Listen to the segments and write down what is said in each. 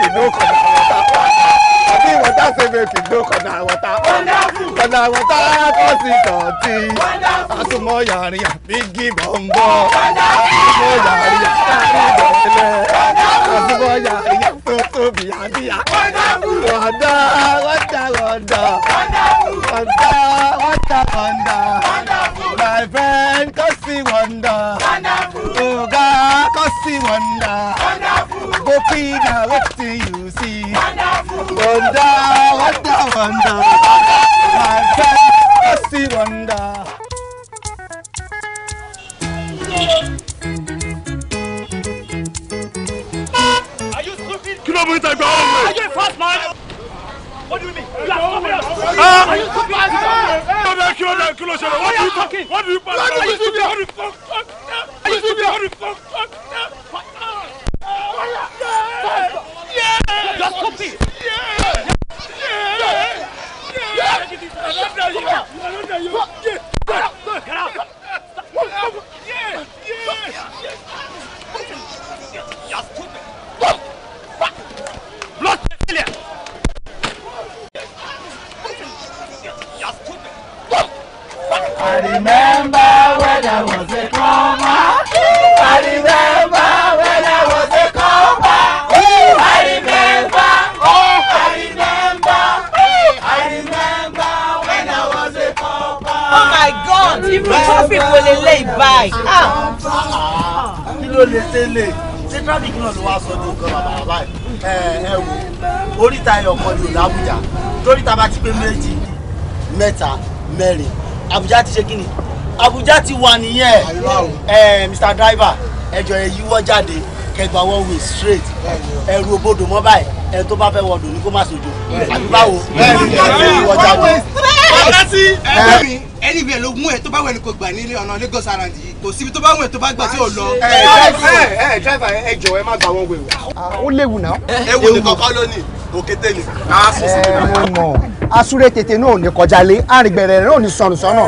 make no come out water. Abi water say make it no come out water. Wonderful. Come out water cause it dirty. Wonderful. Asumo yari ya bigi bombo. Wonderful. Asumo yari ya tari dole. Wonderful. Asumo yari ya tutu biya biya. Wonderful. Wanda wanda wanda. Wonderful. Wanda wanda wanda. Wonderful. My friend cause he wonder. Wonderful. Oga cause he wonder. Wonderful go quick now wetin you see. wonder wonder wonder my friend go see wonder. kí ló mú ìtajà ọ̀hún rẹ̀. are you a fast man. What do you mean? You ah! are you stupid? Are you stupid? Kí ló dé? Kí ló ṣẹlẹ̀? What are you talking? What do you talking? Are you stupid? Are you stupid? Are you stupid? I remember when I was a drummer. lélẹ̀ ìbáyìí. Ah. Ah. kí ló lè tẹ́lẹ̀ ṣé traffic náà ló wá sọ ní nǹkan bàbá bàbá ẹ ẹ wò oríta ẹyọ kan ní Àbújá toríta bá ti pé méjì mẹ́ta mẹ́rin Àbújá ti ṣe kí ni Àbújá ti wà nìyẹn ẹ Mr Driver ẹjọ ẹ yíwọ́ jáde kẹgbà one way straight ẹrù òbodò mọ́ báyìí ẹ tó bá fẹ́ wọdò ní kó má sojo àbí báwo ẹ yíwọ́ jáde ẹni bíi ẹ ló mú ẹ tó bá wẹni kò gbà nílé ọ̀nà Lagos around yìí kò síbi tó bá wẹni tó bá gbà tí ò lọ. ẹ ẹ ẹ driver ẹ jọ̀ọ́ ẹ má gba wọn wẹwẹ. ó léwu náà. ewu ni kọ́kọ́ lónìí òkété ni káwá sùn sí i. mo mọ asúré tètè náà ò ní kọjá lé àrìngbẹ̀rẹ̀ rẹ̀ ò ní sọnù sọ́nà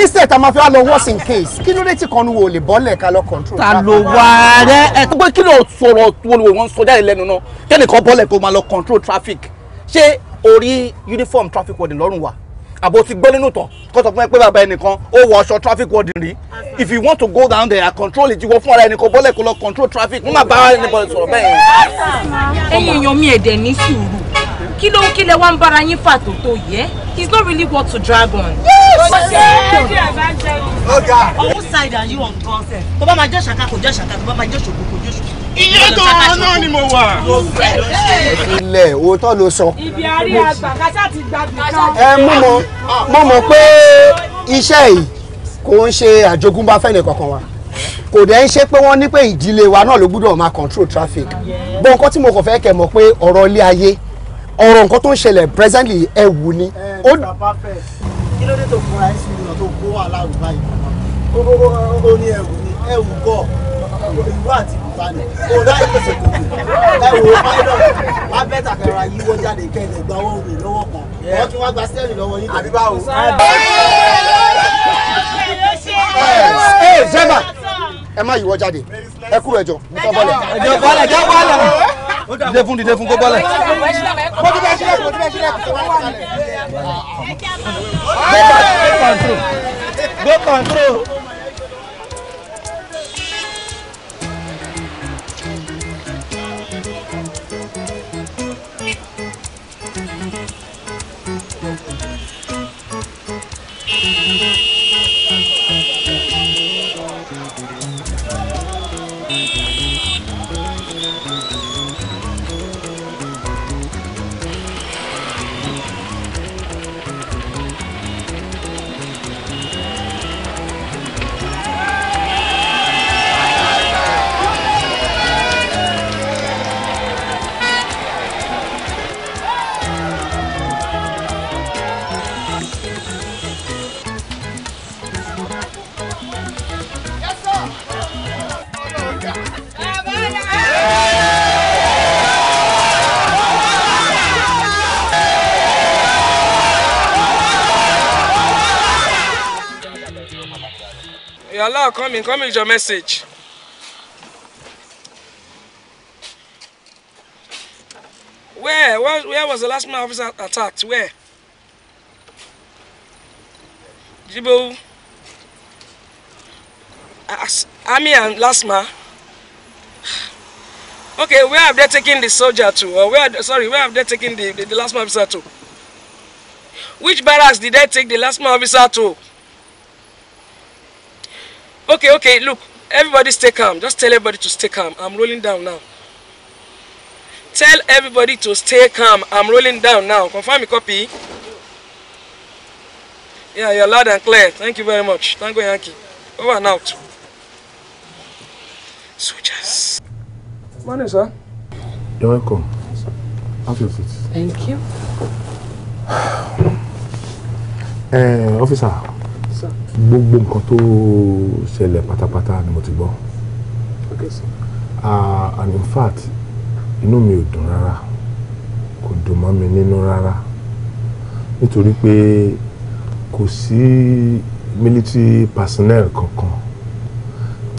instead a máa fi wá lọ worse in case kí ló dé tí kanu wo lè bọ́lẹ̀ ká lọ control. ta ló wá rẹ ẹ tó pé kí ló sọ̀rọ̀ wo wọn sọ jáde lẹ́nu náà kẹ́nìkan bọ́lẹ̀ kó máa lọ control traffic ṣé orí uniform traffic warden lọ́rùn wa àbò ti gbọ́ nínú tán kó sọ fún ẹ pé bàbá ẹnìkan ó wọ aṣọ traffic warden rí if you want to go down there control ìjìwọ fún ara ẹnìkan bọ́lẹ̀ kó lọ control traffic wọ́n má bá ẹnìkan sọ̀rọ̀ bẹ́ẹ̀. ẹ̀yin èèyàn mi ẹ̀dẹ̀ ní sùúrù kí ló ń kí lẹ wá ń bára yín fà tó tó yẹ it's not really worth to drag on. ọwọ́ side and you on consent tó bá máa jẹ́ ṣàkà kò jẹ́ ṣàkà tó bá máa jẹ́ ṣòkò kò jẹ́ ṣòkò. iye tó ọ̀nà ni mo wà. ilẹ̀ òótọ́ ló sọ. ibi àárín àgbà kásá ti gbà bí kan. ẹ mú mọ mọ mọ pé iṣẹ́ yìí kò ń ṣe àjogúnbá fẹ́ni kò dẹ̀ ń ṣe pé wọ́n ní pé ìdílé wa náà ló gbúdọ̀ máa control traffic bọ́n nǹkan tí mo kàn fẹ́ kẹ̀ mọ̀ pé ọ̀rọ̀ ilé ayé ọ̀rọ̀ nǹkan tó ń ṣẹlẹ̀ presently ẹ wù ni. ẹ ẹ nípa perfect kí ló dé tó fúnra ẹ sí ìrìnà tó kó wà láwùjọ yìí ó ní ẹwù ni ẹwù kọ ìlú àti ìbùkánì kò dá ìlú ṣètò ẹwù pilot wá bẹ́tà kẹrọ yíwọ́ jáde kẹ́lẹ̀ gba owó rẹ̀ lọ́wọ́ kan wọ́n tún wá gba sẹ́ẹ̀lì lọ́wọ́ yín tàbí báwo. ẹ ẹ dẹ́gbà ẹ má yíwọ́ jáde ẹ kúrò ẹjọ́ ẹjọ́ bọ́lẹ̀ ẹjọ́ bọ́lẹ̀ dìde fún dìde fún kó bọ́lẹ̀. mo ti bẹ sílẹ̀ mo ti bẹ sílẹ̀ go control. Allah come in, come with your message. Where? Where, where was the last man officer attacked? Where? Jibo. Army and Lasma. Okay, where have they taken the soldier to? Or where, sorry, where have they taken the, the, the Lasma officer to? Which barracks did they take the Lasma officer to? okay okay look everybody stay calm just tell everybody to stay calm i'm rolling down now tell everybody to stay calm i'm rolling down now confirm me copy yeah you're loud and clear thank you very much Thank you, yankee over and out soldiers morning sir you're welcome have your seat thank you uh, officer gbogbo nǹkan tó ṣẹlẹ̀ pátápátá ni mo ti gbọ́ and in fact inú mi ò dùn rárá kò dùn mọ́ mi nínú rárá nítorí pé kò sí military personnel kankan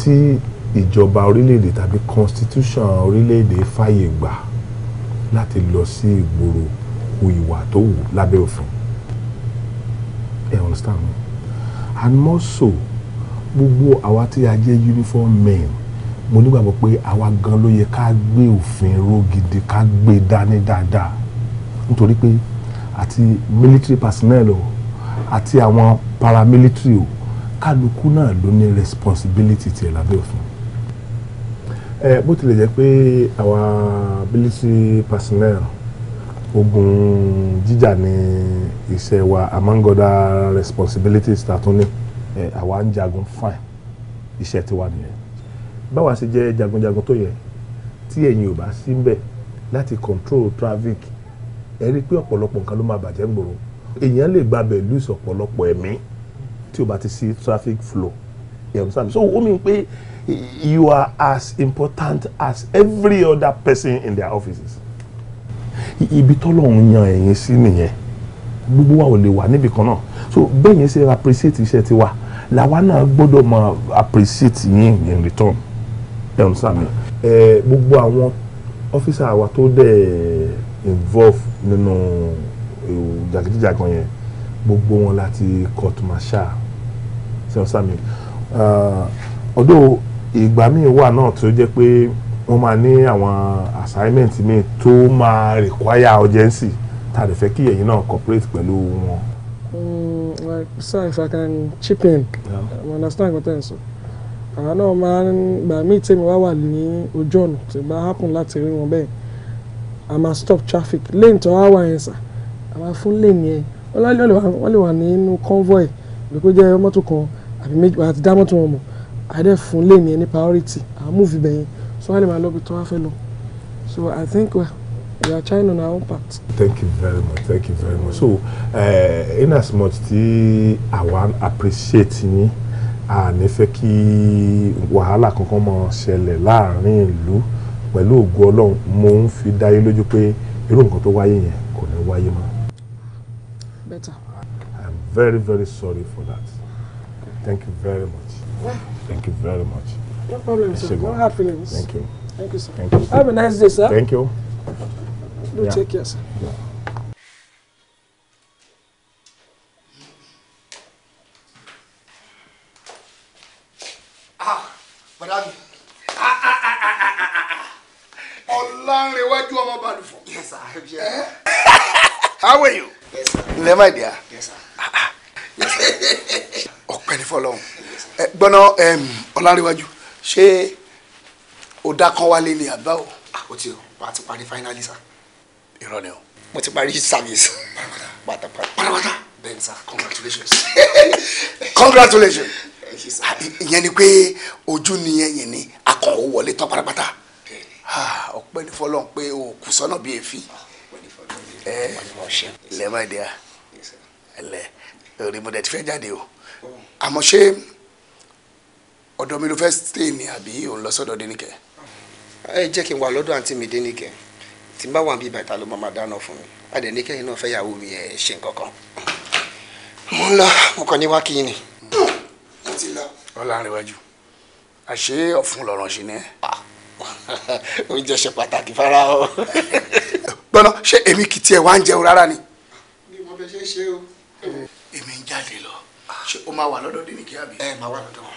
tí ìjọba orílẹ̀-èdè tàbí constitution orílẹ̀-èdè fàyè gbà láti lọ sí ìgboro hu ìwà tó wù lábẹ́ òfin ẹ̀ understand me and more so gbogbo àwa tí a jẹ́ uniform men mo nígbàgbọ́ pé àwa gan ló yẹ ká gbé òfin ró gidi ká gbé dání dáadáa nítorí pé àti military personnel o àti àwọn paramilitary o kálukú náà ló ní responsibility tiẹ̀ lábẹ́ òfin ẹ bó tilẹ̀ jẹ́ pé àwa military personnel ogun jíjà ni iṣẹ́ wa among other responsibilities ta tún ní àwa ń jagun fine iṣẹ́ tiwa nìyẹn báwa ṣe jẹ́ jagunjagun tó yẹ tí ẹ̀yin ò bá sí ń bẹ̀ láti control traffic ẹ rí i pé ọ̀pọ̀lọpọ̀ nǹkan ló máa bàjẹ́ gbòòrò èèyàn lè gbàbẹ̀ lose ọ̀pọ̀lọpọ̀ ẹ̀mí tí o bá ti sí traffic flow you understand so o mean pé you are as important as every other person in their offices ibi tọ́lọ́run yan ẹ̀yin sí nìyẹn gbogbo wa ò lè wà níbì kan náà so bẹ́ẹ̀ yẹn ṣe appreciate iṣẹ́ tiwa làwa náà gbọ́dọ̀ máa appreciate yín in return ẹ ń sàmì ẹ gbogbo àwọn ọ́fíìsà wa tó dẹ̀ involve nínú jàgídíjàgan yẹn gbogbo wọn láti court martial ṣe ń sàmì ọdún ìgbà míì wà náà tó jẹ́ pé wọ́n máa ní àwọn assignment míì tó máa require urgency tá a lè fẹ́ kí ẹ̀yin náà cooperate pẹ̀lú wọn. Mm, like sir if i can chip in yeah. i understand what i'm saying àwọn náà máa ń gbà míì tèmi wá wà ní ojú ọ̀nà tí bá happen láti rí wọn bẹ́ẹ̀ a máa stop traffic lane tó wá wà yẹn sà a máa fún lane yẹn wọ́n lè wà nínú convoy bí kò jẹ́ mọ́tò kan àbí méjì àti dá mọ́tò wọn mọ̀ àdẹ́ fún lane yẹn ní priority àwọn múùfì bẹ́ẹ̀ yẹn so wọ́n lè máa wá fẹ́ lọ so i think we are trying on our own part. thank you very much thank you very much so uh, in as much tí àwa appreciate yín a ní fẹ́ kí wàhálà kankan máa ṣẹlẹ̀ láàrin ìlú pẹ̀lú ògo ọlọ́run mo ń fi dá yín lójú pé irú nǹkan tó wáyé yẹn kò ní wáyé mọ́. better. i'm very very sorry for that thank you very much thank you very much. No problem, sir. No hard feelings. Thank you. Thank you, sir. Thank you. Have a nice day, sir. Thank you. Do yeah. take care, sir. Yeah. Ah, ah, ah, Ọlánrewájú ọmọ Balùfọ̀. Yes, sir. Eh? How are you? Yes, sir. Ǹlẹ́ my dear. Yes, sir. Ọpẹ́ ni fọlọ́run. Eh, gbọ́nà Ọlánrewájú ṣé o dá kan wálé ni àbá o. Ah, o ti o wa ti parí finally sa. irọ́ ni o. mo ti parí service. pátápátá. pátápátá. bẹ́ẹ̀ni sa congratulations. congratulations. Ah, ìyẹn ni pé ojú nìyẹn yẹn ni akàn ò wọlé tán pátápátá. Ah, ọpẹ́ ní fọlọ́n pé o kù sọ́nà bíi èéfín. ẹ lẹ́ẹ̀mọ́ ìdíyà ẹ lẹ́ẹ̀ orí mo dẹ̀ ti fẹ́ jáde o oh. àmọ́ ṣé ọ̀dọ̀ mi ló fẹ́ stay ni àbí òun lọ sọ́dọ̀ dénìkẹ́. ẹ jẹ́ kí n wà lọ́dọ̀ àǹtí mi dénìkẹ́ tí n bá wà bíi bàtà ló máa dáná fún mi adẹ̀nìkẹ́ yìí náà fẹ́ yàwó mi ẹ̀ ṣe nǹkan mo ń lọ mo kàn ní wá kí ni. mo ti lọ. ọlọ́runwájú àṣé ọ̀fun lọ̀rọ̀ ṣe ni ẹ. Ah, oúnjẹ ṣe pàtàkì fara o. gbọ́dọ̀ ṣé èmi kì í tiẹ̀ wá ń jẹun rárá ni. bí mo fẹ́ ṣe ṣe o. èmi ń jáde lọ ṣé o máa wà lọ́dọ̀ dénìkẹ́ àbí. ẹ máa wà lọ́dọ̀ wọn.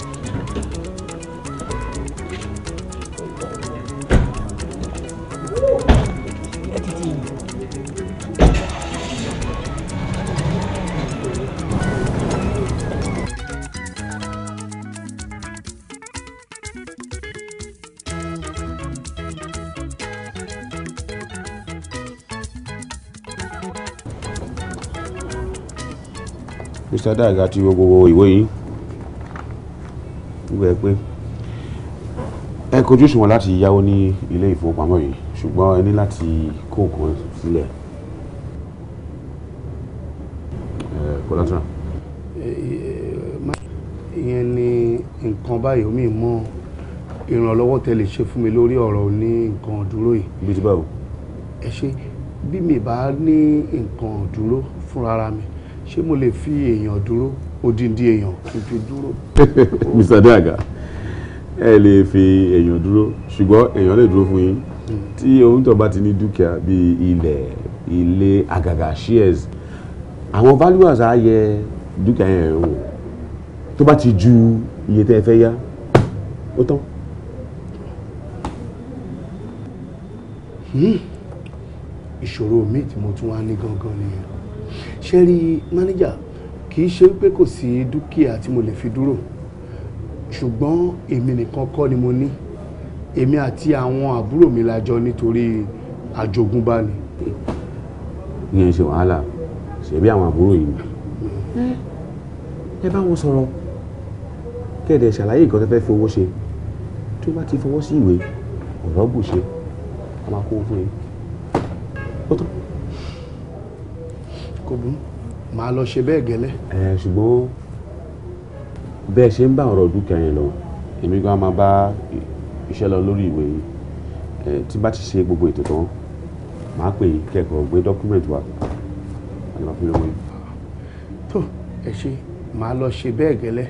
Mr. Dax àti gbogbo ìwé yín wíwẹ̀ pé ẹ kojú òṣùwọ̀n láti yáwó ní ilé ìfowópamọ́ yìí ṣùgbọ́n ẹ ní láti kó nǹkan sílẹ̀ collateral. ìyẹn ni nǹkan báyìí omi mọ ìrànlọ́wọ́ tẹ lè ṣe fún mi lórí ọ̀rọ̀ ní nǹkan dúró yìí. bí ti báwo. ẹ ṣe bí mi bá ní nǹkan dúró fúnra mi ṣé mo lè fi èèyàn dúró odindi èèyàn kì í fi dúró. Mr. Daga ẹ lè fi èèyàn dúró ṣùgbọ́n èèyàn lè dúró fún yín hmm. tí ohun tó bá ti ní dúkìá bíi ilẹ̀ ilé àgàgà shares àwọn valuers á yẹ dúkìá yẹn wò tó bá ti ju iye tẹ́ ẹ fẹ́ yá ó tán. Hmm. ìṣòro míì tí mo tún wá ní gangan nìyẹn ṣe rí mánéjà kì í ṣe wípé kò sí dúkìá tí mo lè fi dúró ṣùgbọ́n èmi nìkan kọ́ ni mo ní èmi àti àwọn àbúrò mi la jọ nítorí àjogúnbá ni. ìyẹn ṣe wàhálà ṣebí àwọn àbúrò yìí ni. ẹ bá wọn sọ̀rọ̀ kẹ́ẹ̀dẹ̀ ṣàlàyé nǹkan tó fẹ́ fi owó ṣe tó bá ti fọwọ́ sí ìwé ọ̀rọ̀ gùn ṣe a máa kó fún yín ó tán kò burú màá lọ ṣe bẹ́ẹ̀ gẹ́lẹ́. ẹ ṣùgbọ́n bẹ́ẹ̀ ṣe ń bá ọ̀rọ̀ dúkìá yẹn lọ èmi gan máa bá iṣẹ́ lọ lórí ìwé tí bá ti ṣe gbogbo ètò tán màá pè é kẹ́kọ̀ọ́ gbé dọ́kúmẹ̀ntì wa àti màá fi tó ẹ ṣe màá lọ ṣe bẹ́ẹ̀ gẹ́lẹ́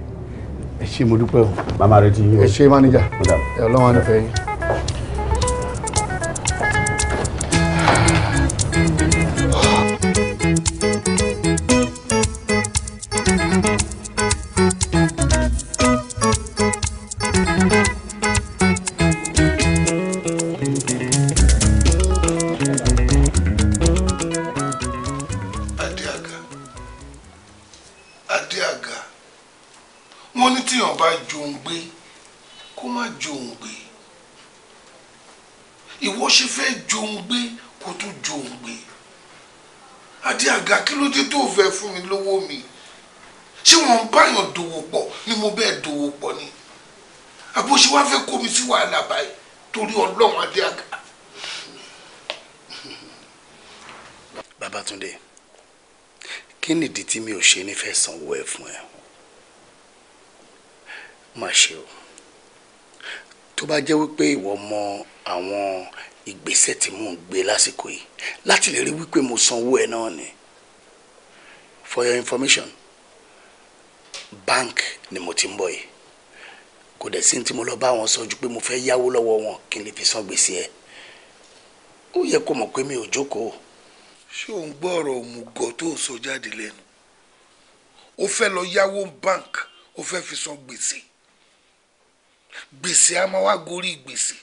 ẹ ṣe mo dúpẹ́ o. màmá rẹ ti yí o ẹ ṣe máníjà ẹ ọlọ́wọ́n á nífẹ̀ẹ́ yín. torí ọlọ́run adé àgbà. Babatunde kí nìdí tí mi ò ṣe nífẹ̀ẹ́ sanwó ẹ̀ fún ẹ má ṣe o tó bá jẹ́ wípé ìwọ mọ àwọn ìgbésẹ̀ tí mò ń gbé lásìkò yìí láti lè rí wípé mo sanwó ẹ náà ni for your information bank ni mo ti ń bọ̀ yìí kò dẹ̀ sí tí mo lọ bá wọn sọ ju pé mo fẹ́ yáwó lọ́wọ́ wọn kí n lè fi san gbèsè ẹ̀ ó yẹ kó mọ̀ pé mi ò jókòó. ṣé ò gbọ́ ọ̀rọ̀ òmùgọ̀ tó ń sọ jáde lẹ́nu ó fẹ́ lọ yáwó bank ó fẹ́ fi san gbèsè gbèsè a máa wá gorí gbèsè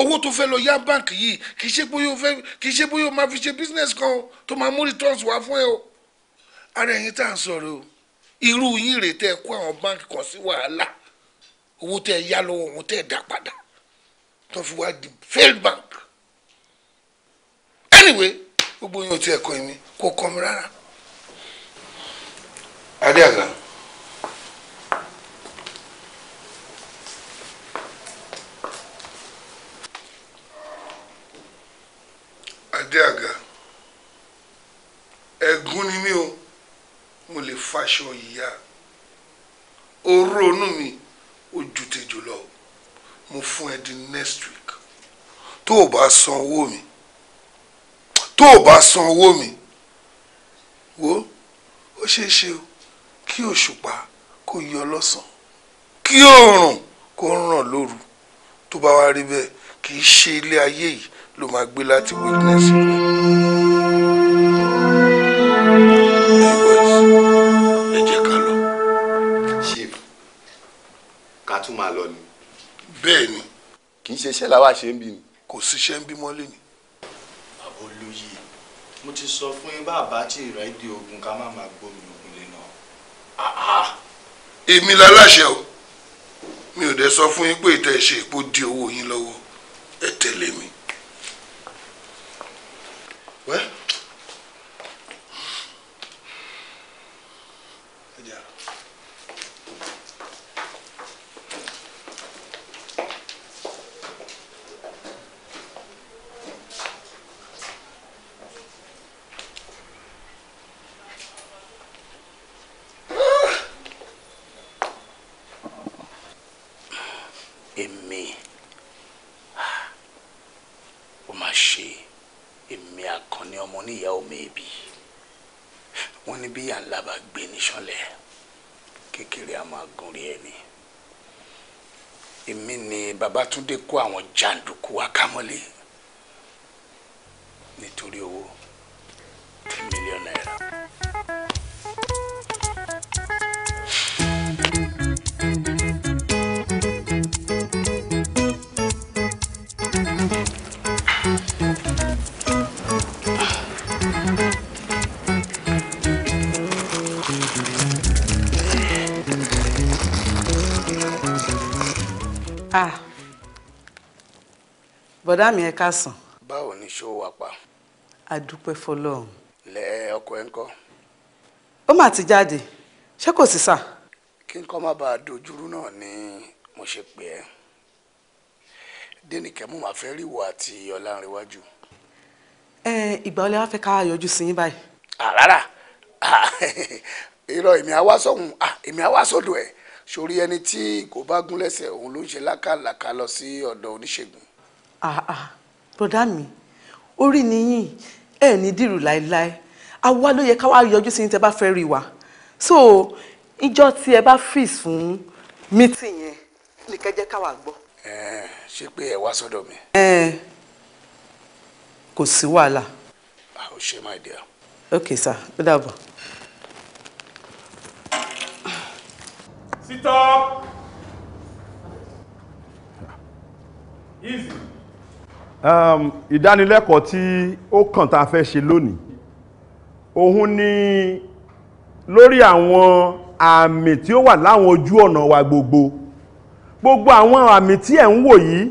owó tó fẹ́ lọ yá bank yìí kì í ṣe bóyá fẹ́ kì í ṣe bóyá máa fi ṣe business kan tó máa mú returns wá fún ẹ o ara ẹ̀yin tá à ń sọ̀rọ̀ o irú yín rèé tẹ́ kó àwọn bank kan sí wàhálà owó tẹ yá lọ́wọ́ wọn tẹ dá padà tó fi wá di failed bank anyway gbogbo yín ò tiẹ̀ kọ́ mi kò kọ́ mi rárá. adéàgá adéàgá ẹ̀gún ni mí o mo lè faṣọ ìyá oró onú mi ó ju tejò lọ mo fún ẹ di next week tó o bá san owó mi tó o bá san owó mi wo ó ṣeé ṣe o kí òṣùpá kó yọ lọ́sàn-án kí oòrùn kó ràn lóru tó bá wá rí bẹ́ẹ̀ kì í ṣe ilé ayé yìí ló máa gbé láti witness tún máa lọ ni. bẹ́ẹ̀ ni. kì í ṣe iṣẹ́ làwa ṣe ń bí ni. kò síṣẹ́ ń bí mọ́lé ni. bàbá olóye mo ti sọ fún yín bàbá tí ìrẹ́dì ogun ká má máa gbómi ogun lé náà. èmi láláṣẹ o mi ò dẹ̀ sọ fún yín pé ìtẹ̀ ṣe èpo di owó yín lọ́wọ́ ẹ tẹ̀lé mi. wẹ́ẹ́. bọ̀dá mi ẹ káàsán. báwo ni ṣó wà pa. a dúpẹ́ fọlọ́run. lẹ ọkọ ẹ ń kọ́. ó mà ti jáde ṣé kò sí sà. kí n kọ́ má bàa dojúrú náà ni mo ṣe pè ẹ́ dénìkẹ́ mo máa fẹ́ rí ìwọ àti ọ̀làǹrẹ̀wájú. ẹ ìgbà wo lẹ wá fẹ́ ká yọjú sí yín báyìí. àràrà irọ́ èmi àwa sọ̀hún èmi àwa sọ̀dọ̀ ẹ̀ sórí ẹni tí kò bá gún lẹ́sẹ̀ òun ló ń ṣe lákàlàkà lọ sí ọ̀dọ̀ oníṣègùn àà ah, ah. bọ̀dá mi orí ni yín ẹ ní dìrù láéláé àwa ló yẹ ká wá yọjú sí ní tẹ bá fẹ́ rí wa so ìjọ tí ẹ bá fìs fún mítì yẹn ní kẹjẹ káwa gbọ́. ṣé pé ẹ wá sọ́dọ̀ mi. kò sí wàhálà. ó ṣe my dear. ok sir ó dàbọ̀. Sit up. Easy. Um, ìdánilẹ́kọ̀ọ́ tí ó kàn tá a fẹ́ ṣe lónìí òun ni lórí àwọn àmì tí ó wà láwọn ojú ọ̀nà wa gbogbo gbogbo àwọn àmì tí ẹ̀ ń wò yìí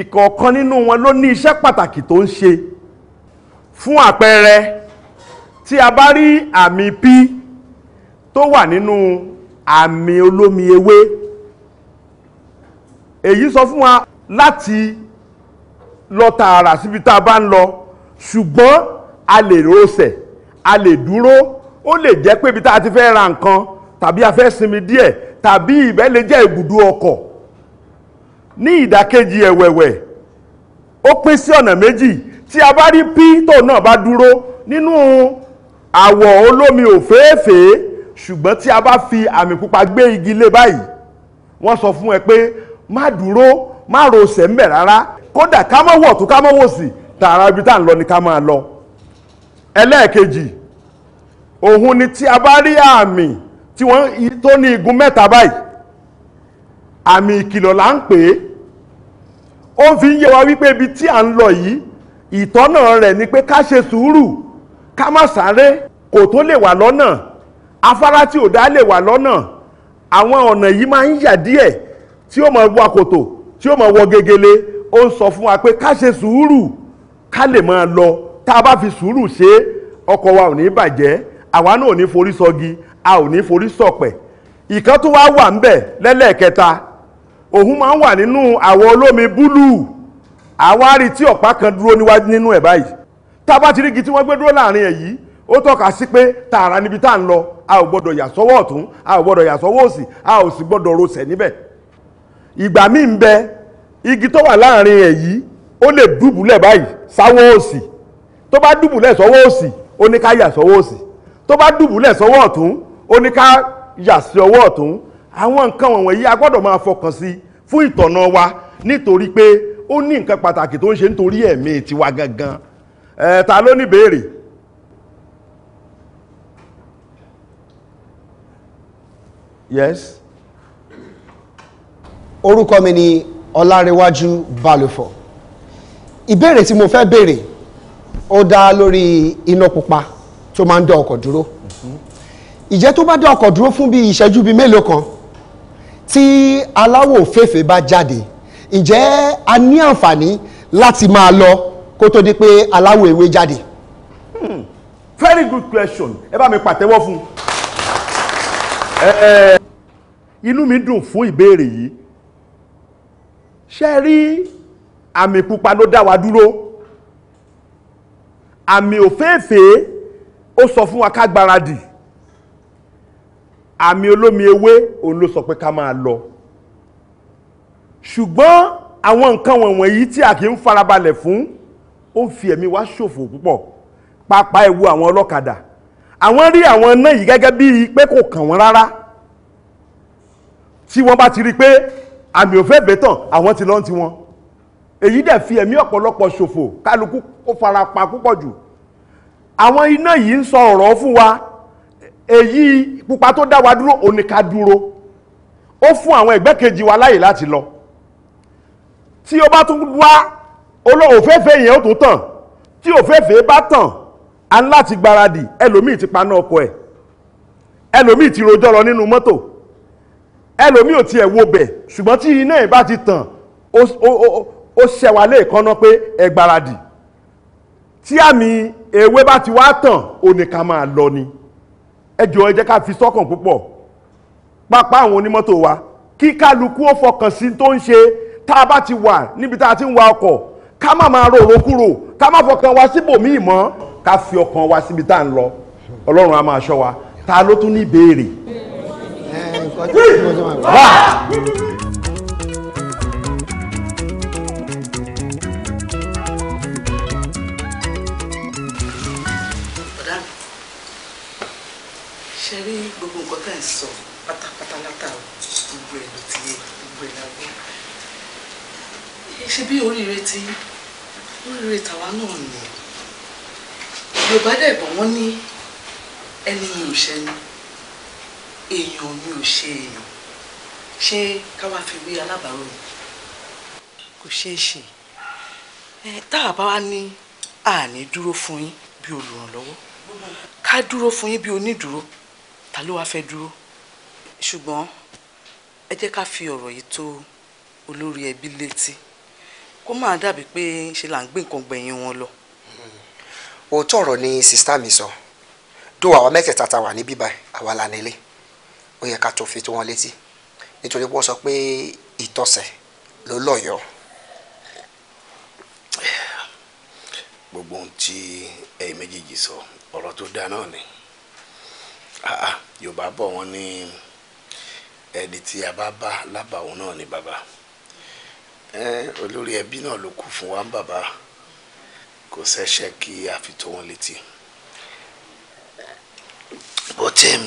ìkọ̀ọ̀kan nínú wọn ló ní iṣẹ́ pàtàkì tó ń ṣe fún àpẹẹrẹ tí a bá rí àmì p tó wà nínú àmì olómi ewé èyí sọ fún wa láti lọ tààrà síbi tá a bá ń lọ ṣùgbọ́n a lè rọsẹ̀ a lè dúró ó lè jẹ́ pé ibi tá a ti fẹ́ ra nǹkan tàbí a fẹ́ sinmi díẹ̀ tàbí ibẹ̀ lè jẹ́ ibùdó ọkọ̀ ní ìdàkejì ẹ̀wẹ̀wẹ̀ ó pín sí ọ̀nà méjì tí a bá rí pító náà bá dúró nínú àwọ̀ olómi òféèfé ṣùgbọ́n tí a bá fi àmì pupa gbé igi lé báyìí wọ́n sọ fún ẹ pé má dúró má rọsẹ̀ ńbẹ̀ rárá kódà ká mọ́ wọ̀ tó ká mọ́ wò sí tààrà ibi tá à ń lọ ni ká máa lọ ẹlẹ́ẹ̀kejì òun ni tí a bá rí àmì tí wọ́n tó ní igun mẹ́ta báyìí àmì ìkìlọ̀ là ń pè é ó fi ń yé wa wípé ibi tí à ń lọ yìí ìtọ́nà rẹ̀ ni pé ká ṣe sùúrù ká má sáré kò tó lè wà lọ́nà afárá tí ò dá lè wà lọ́nà àwọn ọ̀nà yìí máa ń yà díẹ̀ tí ó máa wọ akòtò tí ó máa wọ gegele ó ń sọ fún wa pé ká ṣe sùúrù ká lè máa lọ tá a bá fi sùúrù ṣe ọkọ̀ wa ò ní bàjẹ́ àwa náà ò ní forí sọgi a ò ní forí sọ̀pẹ̀ ìkan tó wá wà ń bẹ̀ lẹ́lẹ́ẹ̀kẹta òun máa ń wà nínú àwọ̀ olómi búlúù àwa rí tí ọ̀pá kan dúró níwájú nínú ẹ̀ báyìí tá a bá ti rí igi tí wọ́n gbé dúró láàrin ẹ̀ yìí ó tọ́ka sí pé tààrà níbi tá à ń lọ a ò gbọ́dọ̀ yà sọ́wọ́ ọ̀tún a ò gbọ́dọ̀ yà sọ́wọ́ òsì a ò sì gbọ́dọ̀ rosẹ̀ níbẹ̀ ìgbà míì ń bẹ igi tó wà láàrin ẹ̀ yìí ó lè dùbúlẹ̀ báyìí sáwọ́ òsì tó bá dùbúlẹ̀ sọ́wọ́ òsì ó ní ká yà sọ́wọ́ òsì tó bá dùbúlẹ̀ sọ́wọ́ ọ̀tún ó ní ká yà sí ọwọ́ ọ̀tún àwọn nǹkan wọ̀nyí a gbọ́dọ̀ máa fọkàn sí fún ìtọ̀nà wa nítorí pé ó ní nǹkan pàtàkì tó ń ṣe nítorí ẹ̀mí tiwa gangan ẹ̀ ta ló ní béèrè yes orúkọ mi ni ọlárẹ̀wájú balùfọ̀ ìbéèrè tí mo fẹ́ béèrè ó dá lórí iná pupa tó máa ń dá ọkọ̀ dúró ìjẹ́ tó bá dá ọkọ̀ dúró fún bí ìṣẹ́jú bíi mélòó kan tí aláwọ̀ òféèfé bá jáde ǹjẹ́ a ní àǹfààní láti máa lọ kó tó di pé aláwọ̀ ewé jáde. Hmm, very good question ẹ bá mi pàtẹ́wọ́ fún un. inú mi dùn fún ìbéèrè yìí ṣe rí àmì pupa ló dá wa dúró àmì òféèfé ó sọ fún wa ká gbáradì àmì olómi ewé òun ló sọ pé ká máa lọ ṣùgbọ́n àwọn nǹkan wọ̀nwọ̀n yìí tí a kì í farabalẹ̀ fún ó ń fi ẹ̀mí wa ṣòfò púpọ̀ pàápàá ewu àwọn ọlọ́kadà àwọn rí àwọn náà yìí gẹ́gẹ́ bíi pé kò kàn wọ́n rárá tí wọ́n bá ti rí pé àmì òfẹ́ bẹ́tàn àwọn ti lọ́n ti wọn èyí dẹ̀ fi ẹ̀mí ọ̀pọ̀lọpọ̀ ṣòfò kálukú kó fara pa púpọ̀ jù àwọn iná yìí ń sọ ọ̀rọ̀ fún wa èyí pupa tó dá wa dúró òun ni ká dúró ó fún àwọn ẹgbẹ́ kejì wa láyè láti lọ tí o bá tún wá olóòfẹ́fẹ́ yẹn ó tún tàn tí òfẹ́fẹ́ bá tàn á ń láti gbáradì ẹlòmíì ti paná ọkọ̀ ẹ̀ ẹlòmíì ti rojọ́ lọ nínú mọ́tò ẹlòmíì ò tiẹ̀ wo bẹ̀ ṣùgbọ́n tí iná ẹ̀ bá ti tàn ó ṣẹ̀wálé ìkànnà pé ẹ gbáradì tí àmì ewé bá ti wá tàn òní ká máa lọ ni ẹ jọ̀ọ́ ẹ jẹ́ ká fi sọ́kàn púpọ̀ pápá àwọn onímọ́tò wa kí kálukú ó fọkàn sí tó ń ṣe tá a bá ti wà níbi tá a ti ń wa ọkọ̀ ká má máa rorò kúrò ká má fọkàn wa síbòmíì mọ́ ká fi ọkàn wa síbi tá à ń lọ ọlọ́run á máa ṣọ́ wa ta ló tún ní ìbéèrè ọjọ́ ìṣòro ṣe máa wà. ọ̀dà ṣe rí gbogbo nǹkan tẹ̀ ń sọ pátápátá látàrọ gbogbo ẹ̀ ló ti yé gbogbo ẹ̀ lágbó bí oríire ti oríire tàwa náà ni yorùbá dẹ̀ bọ̀ wọ́n ní ẹni ìrùsẹ́ ni èèyàn mi ò ṣe èèyàn ṣé ká wá fi wé alábàárò mi kò ṣeé ṣe tá a bá wá ní àní dúró fún yín bí olùrànlọ́wọ́ ká dúró fún yín bí onídùúró ta ló wáá fẹ́ dúró ṣùgbọ́n ẹ jẹ́ ká fi ọ̀rọ̀ yìí tó olórí ẹbí létí kó máa dàbí pé ṣe là ń gbé nǹkan gbẹ̀yìn wọn lọ. òótọ́ ọ̀rọ̀ ni sista mi sọ dó àwa mẹ́tẹ̀ẹ̀ta ta wà ní bíbá àwa là ó yẹ ká tó fi tó wọn létí nítorí pé wọ́n sọ pé ìtọ̀sẹ̀ ló lọ́yọ̀ọ́. gbogbo ohun tí ẹ̀yin méjèèjì sọ ọ̀rọ̀ tó dáa náà ni yorùbá bọ̀ wọ́n ní ẹni tí a bá bá lábàáhùn náà ni bàbá olórí ẹbí náà ló kù fún wa ń bàbá kò ṣẹ̀ṣẹ̀ kí a fi tó wọn létí but um,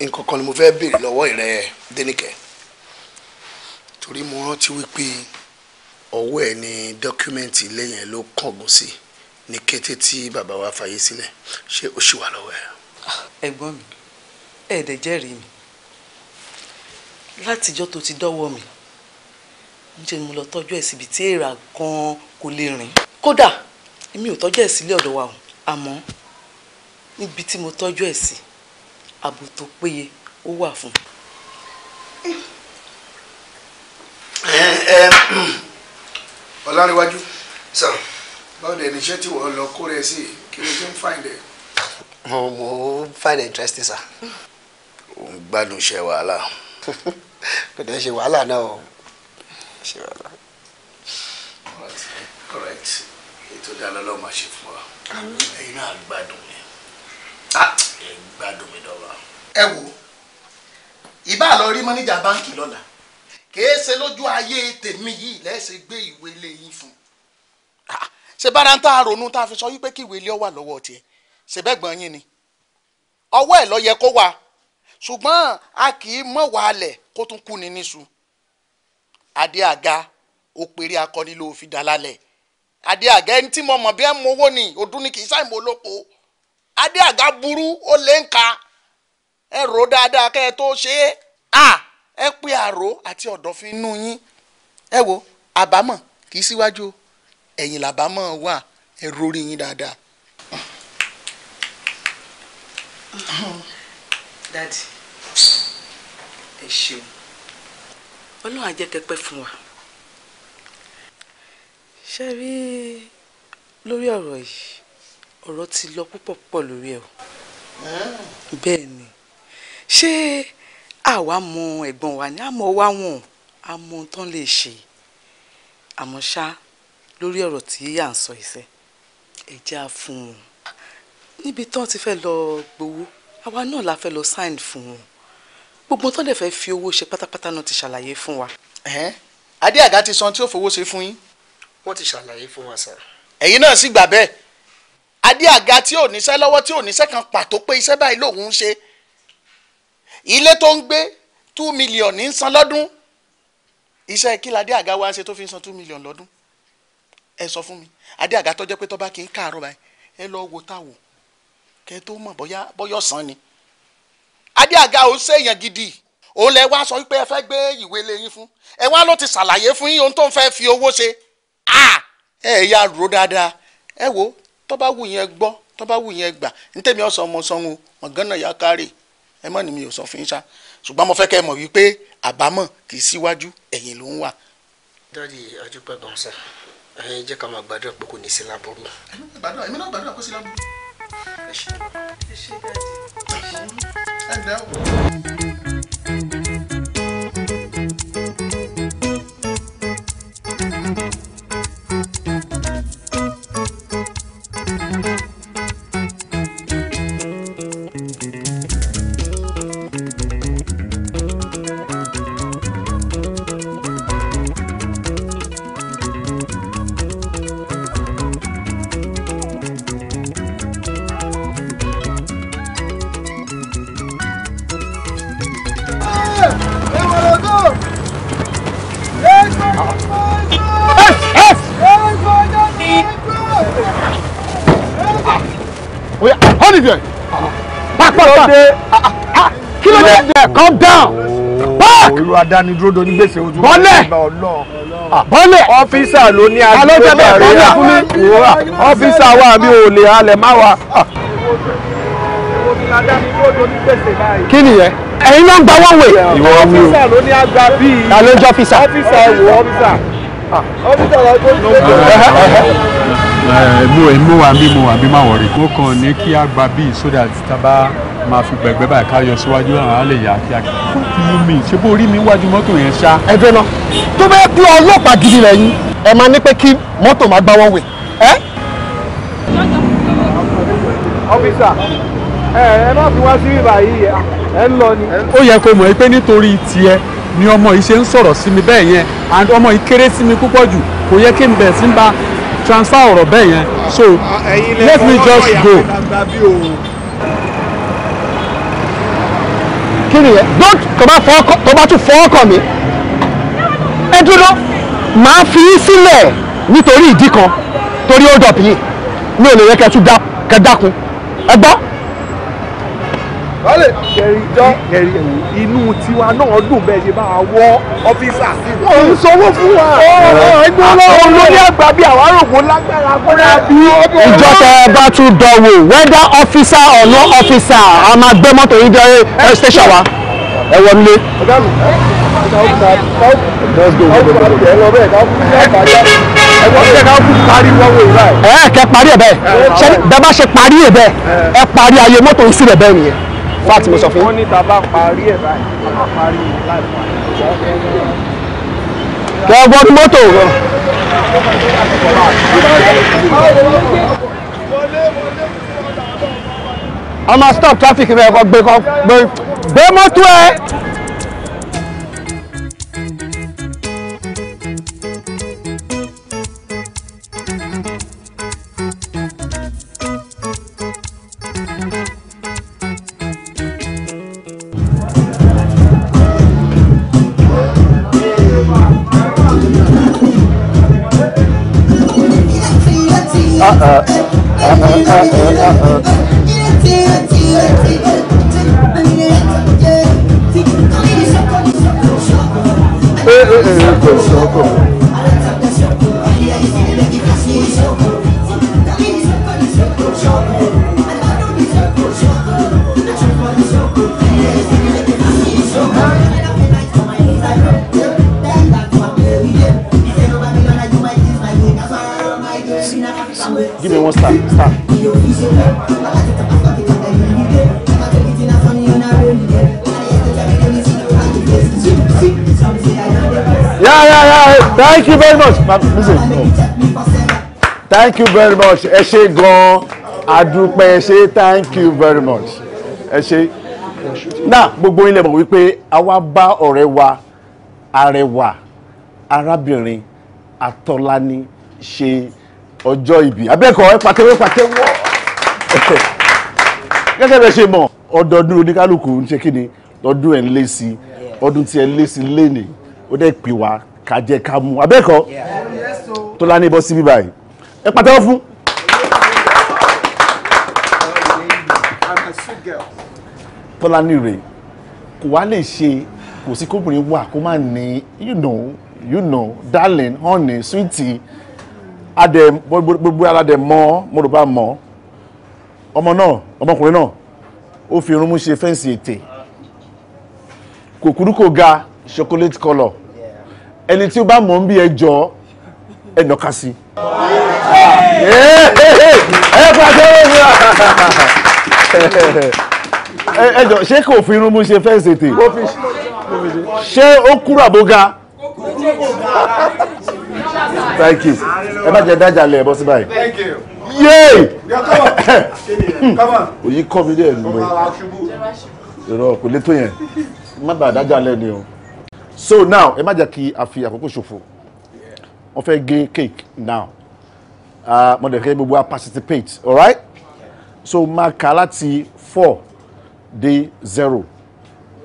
nǹkan kan ni mo fẹ́ béèrè lọ́wọ́ ìrẹ́ Dénìkẹ́ torí mo rántí wípé ọwọ́ ẹ̀ ni dọ́kúmẹ́ǹtì ilé yẹn ló kángun sí ní kété tí bàbá wa fàyè sílẹ̀ ṣé ó ṣì wà lọ́wọ́ ẹ̀. Ah, ẹ̀gbọ́n mi ẹ̀ẹ́dẹ̀ jẹ́rìí mi látijọ́ tó ti dọ́wọ́ mi níṣẹ́ ni mo lọ tọ́jú ẹ̀ síbi tí èèrà gan kò lè rìn kódà èmi ò tọ́jú ẹ̀ sílé ọ̀dọ̀ wa o àmọ́ níbi tí mo tọ́jú ẹ̀ sí. Si ààbò tó péye ó wà fún. Hmm. ọ̀làríwájú sà báwo dẹ̀ níṣẹ́ tí wọ́n lọ kórè sí kí ló ti ń fàìn dẹ̀. mo mo find it interesting sir. ò ń gbádùn ṣe wàhálà. kò dẹ̀ ṣe wàhálà náà o ṣe wàhálà. all right ètò ìdáná lọ́wọ́ máa ṣe fún wa ẹ̀yin náà gbádùn ni. Ah! ẹ gbádùn mi dọ́wà. ẹ wo ìbá lọ rí mọ́níjà báǹkì lọ́la kìí lójú ayé tèmi yìí lẹ́sẹ̀ gbé ìwé ilé yín fún un. Ah, ṣe bára ń tá a ronú tá a fi sọ yí pé kí ìwé ilé ọ wà lọ́wọ́ tiẹ̀ ṣe bẹ́ẹ̀ gbọ́n yín ni ọwọ́ ẹ̀ lọ yẹ kó wà ṣùgbọ́n a kì í mọ̀ wàálẹ̀ kó tún kú ni níṣu adé àga òpèrè akọni ló fi dá lálẹ́ adé àga ẹni tí mo mọ̀ bí ẹ mọ owó ni ọdún ni kì í ṣàìmọ̀ olóko adé àga burú ó lè ń ka ẹ rò ó dáadáa kẹ́ ẹ tó ṣe é à ẹ pé àrò àti ọ̀dọ̀fin inú yín ẹ wo àbámọ̀ kì í síwájú ẹ̀yìn làbámọ̀ wà ẹ rórí yín dáadáa. dadi ẹ ṣeun ọlọ́run á jẹ́ fún wa ṣe rí lórí ọ̀rọ̀ yìí ọ̀rọ̀ ti lọ púpọ̀ púpọ̀ lórí ẹ̀ o ah. bẹ́ẹ̀ ni ṣé àwa mọ ẹ̀gbọ́n wa ni àmọ́ wá wọn àmọ́ tán lè ṣe àmọ́ ṣá lórí ọ̀rọ̀ tí à ń sọ ìṣẹ́ ẹ já fún un níbi tán ti fẹ́ lọ gbowó àwa náà la fẹ́ lọ sign fún un gbogbo tán lè fẹ́ fi owó ṣe pátápátá náà ti ṣàlàyé fún wa. adé àga ti san tí ó fowó ṣe fún yín. wọ́n ti ṣàlàyé fún wa sir. ẹ̀yin náà sì gbà bẹ́ẹ̀ adé àga tí ò níṣẹ́ lọ́wọ́ tí ò níṣẹ́ kan pàtó pé iṣẹ́ báyìí lòun ń ṣe ilé tó ń gbé two million ní san lọ́dún iṣẹ́ kí ládé àga wá ń ṣe tó fi ń san two million lọ́dún ẹ sọ fún mi adé àga tó jẹ́ pé tó bá kì í káàárọ̀ báyìí ẹ lọ wo táwò kẹ tó mọ̀ bóyá bóyá ọ̀sán ni adé àga ò ń ṣèyàn gidi òun lẹ wá sọ wípé ẹ fẹ́ gbé ìwé lẹ́yìn fún ẹ wá ló ti ṣàlàyé fún yín ohun tó ń fẹ́ fi owó ṣe ẹ yá rò dáadáa ẹ wo tọ́ba wù yẹn gbọ́ tọ́ba wù yẹn gbà ntẹ̀mí ọ̀sán ọmọ sanwó ọ̀gánà ya kárẹ̀ ẹ mọ̀ ni mi ò sọ fún yín sá ṣùgbọ́n mo fẹ́ kẹ́ ẹ mọ̀ wípé àbámọ̀ kì í síwájú ẹ̀yìn ló ń wà. dádì ajúpẹ́ gan sá ẹ jẹ́ ká máa gbàdúrà pé kò ní sí láburú. èmi náà gbàdúrà kó sí láburú. ẹ ṣe dáadé. ẹ ǹdẹ́ o. pápákọ̀ ah, ah, ah, kí ló dé calm down park olú adánidúró do ní gbèsè ojú bọ́lẹ̀ bọ́lẹ̀ ọ́fíìsà ló ní agbègbè rẹ̀ ọ́fíìsà wa mi ò lè halẹ̀ má wa. kí nìyẹn ẹ̀yin náà ń gba one way. ìwọ mi o ọ́fíìsà ló ní agba bíi ọ́fíìsà ìwọ ọ́fíìsà ọ́fíìsà ló ń gbèsè. Eh, mo ẹ̀ eh, mo wà bí mo wà bí má wọ̀rí. mo kàn ní kí a gba bíi so that taba máa fi gbẹ̀gbẹ́ báyìí ká yọ síwájú àwọn á lè yà kíákíá. fún mi ṣé bó rí mi wájú mọ́tò yẹn ṣá. ẹ dẹ́nà tó bẹ́ẹ̀ bí ọlọ́pàá gidi lẹ́yìn ẹ máa ní pé kí mọ́tò máa gbá wọn wè. ọ́fíìsà ẹ ẹ má fi wá sí ibà yìí ẹ ń lọ ni. ó yẹ kó mọ̀ pé nítorí tiẹ̀ ni ọmọ yìí ṣe ń sọ̀rọ̀ sí mi bẹ́ẹ̀ yẹn ọmọ yìí kéré sí mi púpọ̀ jù kò yẹ kí n bẹ̀ sí ń bá transfer ọ̀rọ̀ bẹ́ẹ̀ yẹn so let me just go. kí ni yẹn don't tó bá tún fọ́ ọkàn mi ẹ dúró màá fi í sílẹ̀ nítorí ìdí kan torí ó dọ̀pì yìí mi ò lè yẹ kẹ́ tún dákun ẹ gbọ́ wálé jọ kẹrí ẹwù inú tiwa náà dùn bẹ́ẹ̀ ṣe bá wọ ọfíìsà sí i. ń sanwó fún wa. ẹgbẹ́ ọlọ́run lórí àgbà bíi àwa lágbára kọ́ra bí ọdún. ìjọ tẹ ẹ bá tún dánwò wẹ́dà ọfíìsà ọ̀nà ọfíìsà a máa gbé mọ́tò yìí dé ẹ ṣẹ́ṣà wa ẹ wọlé. ọ̀gá ẹ kẹ parí ẹ bẹ́ẹ̀ bẹ́ẹ̀ bá ṣe parí ẹ bẹ́ẹ̀ ẹ parí ayé mọ́tò ń sí rẹ bẹ́ẹ̀ nìyẹn fáàtì mo sọ fún yín. wọ́n ní ta parí ẹ̀ báyìí bá parí láìpẹ́. kẹ́ ẹ gbọ́dún mọ́tò. ọmọ stop traffic rẹ̀ kọ́ gbé kọ́ gbé mọ́tò ẹ̀. Yeah, yeah, yeah. Thank you very much. Listen. Thank you very much. Ẹ ṣé gan-an. Adúpẹ́ ẹ ṣé. Thank you very much. Ẹ ṣé. Náà gbogbo ilẹ̀ mọ̀ wípé a wá bá ọ̀rẹ́ wa arẹwà arábìnrin Atọ́lání ṣe ọjọ́ ìbí. Abẹ́kọ̀ọ́ ẹ pàtẹ́wọ́ pàtẹ́wọ́ gẹ́gẹ́ bẹ́ẹ̀ ṣe mọ̀ ọdọọdún oníkálukú ń ṣe kíni ọdún ẹ̀ ń lé sí ọdún tí ẹ̀ ń lé sí lénìí ó dẹ́ pè wá ká jẹ́ ká mú abẹ́ẹ̀kọ́ tó lá ní ibọ́ síbí báyìí ẹ pàtẹ́wọ́ fún. tọ́lání rè kò wá lè ṣe kò sí kóbìnrin wà kó má ní you know you know darling honey sweetie adẹ gbogbo aládẹ mọ mo rò bá mọ ọmọ náà ọmọkùnrin náà ó fi irun mú ṣe fẹ́ǹsì ètè kò kò ga chocolate color. ẹni tí ó bá mọ̀ ń bí ẹjọ́ ẹnọ́ka sí. ẹ pàṣẹ òmìnira ẹjọ ṣé kò fi irun mú ṣe fẹ́ǹsì ètè ṣé ó kúrò àbóga thank you ẹ bá jẹ dájà lẹ ẹ sí báyìí yé. òyì kọ́ mi dé ẹ̀rù mi ìrọ̀ kò lè tó yẹn má bàa dájà lẹ́ni o so now ẹ má jẹ́ kí a fi àkókò ṣòfò wọ́n fẹ́ gé cake now mo dẹ̀ fẹ́ gbogbo a participate alright so máa kà láti four dé zero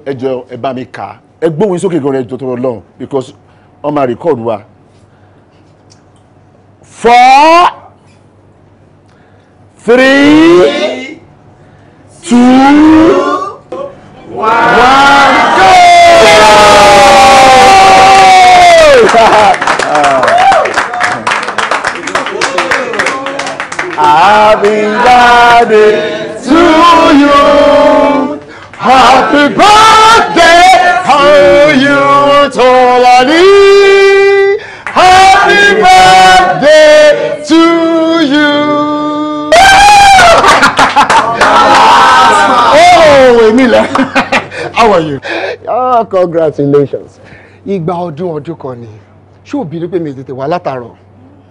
ẹ jọ ẹ bá mi kà ẹ gbóhùn sókè gan-an ẹ jọ tọrọ lọ́hùn because wọ́n máa record wa four. three, two, one, go! Happy birthday to you. Happy birthday to you. Emile, how are you? Oh, congratulations. Igba ọdún ọdún kan ni. Ṣé òbí ló pè mí tètè wá látàárọ̀?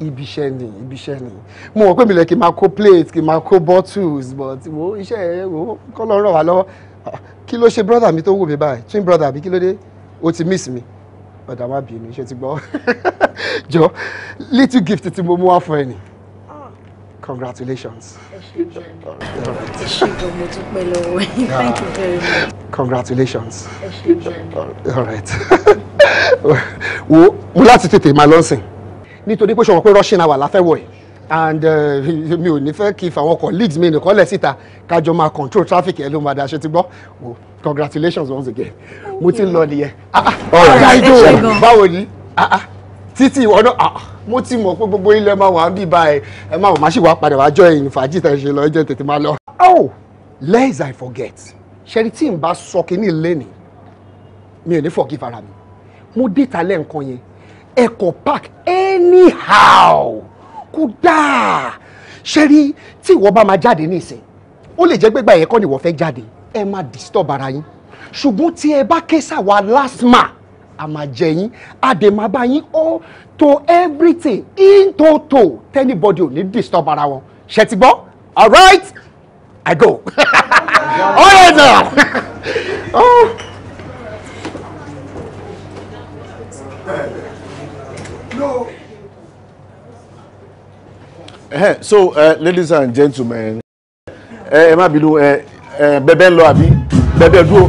Ibi iṣẹ́ ni, ibi iṣẹ́ ni. Mo mọ̀ pé mi lẹ̀ kí n máa kó plate, kí n bottles, but wo iṣẹ́ ẹ̀ wo kọ́ lọ ràn wá lọ́wọ́. Ah, kí ló ṣe brother mi tó wù mí báyìí? Twin brother mi kí ló dé? O ti miss mi. Ọ̀dà má ni iṣẹ́ ti gbọ́. Jọ, little gift tí mo mú wá fún ẹ nìyí. Congratulations. Thank you very much. Congratulations. All right. Wo mo láti tètè máa lọ́sìn nítorí pé ṣọwọ́n pé russian hour la fẹ́ wọ̀ and eh, mi ò ní fẹ́ kí fàwọn colleagues mi nìkan lẹ̀ síta kájọ máa control traffic ẹ̀ ló máa da ṣe ti gbọ́ congratulations once again mo ti ń lọ nìyẹn. ọ̀gá ah, ah, ìjọ báwo ni. Ah, títí ìwọ náà ah, mo ti mọ̀ pé gbogbo ilẹ̀ máa wà bí ibà ẹ̀ ẹ máa wọ̀ má sì wá padà wá jọ ẹ̀yìn fàájì tẹ̀ ṣe lọ ẹ jẹ́ tètè máa lọ. oh lest i forget ṣẹ́ni tí n bá sọ kínní lẹ́nìí mi ò ní forgive ara mi mo dé ta lẹ́ǹkan yẹn ẹ̀kọ́ park anyhow kú dáa ṣẹ́ni tí ìwọ bá máa jáde ní ìsìn ó lè jẹ́ gbégbá ẹ̀kọ́ ni ìwọ fẹ́ jáde ẹ máa disturb ara yín ṣùgbọ́n tí ẹ bá ké sáwa last mark àmàjẹ yín àdèmàbá yín all to everything in toto tẹ́nibọ́dì ò ní disturb ara wọn ṣe ti gbọ́ all right i go all right now. oh. no. Uh, so uh, ladies and gentlemen eh, ẹ má bínú eh, eh, bẹbẹ ń lọ àbí bẹbẹ dúró.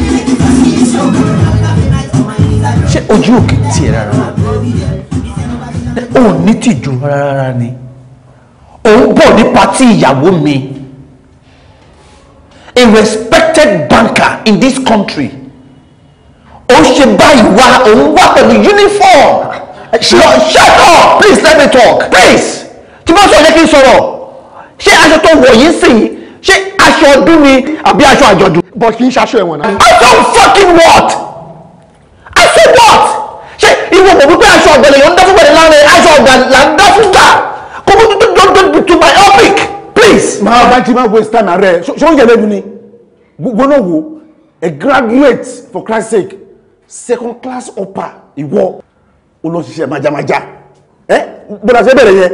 ojú òkè tiẹ̀ rárá òun ní tìjú rárá ni òun bọ̀ ní patí ìyàwó mi a respected banker in this country òun ṣe báyìí wá òun wá pẹ̀lú uniform shut up please let me talk please tí bá sọ yẹ kí n sọ̀rọ̀ ṣé aṣọ tó wọ̀ yìí sìn ṣé aṣọ ọdún ni àbí aṣọ àjọ̀dún. but kì í ṣaṣọ ẹ̀wọ̀n náà. I don't fucking what wò mọ̀ wípé aṣọ ọ̀gbà lèyàn ń dá fúngbà láàrin aṣọ ọ̀gbà ń dá fúngbà kò mú tó don't don't be too myopic please. máa bá jí máa waste time rẹ ṣé oúnjẹ lẹ́nu ni gbogbo náà wò a graduate for Christ sake second class upper ìwọ olóṣìṣẹ́ májámájá ẹ bọ́dà ṣe bẹ̀rẹ̀ yẹn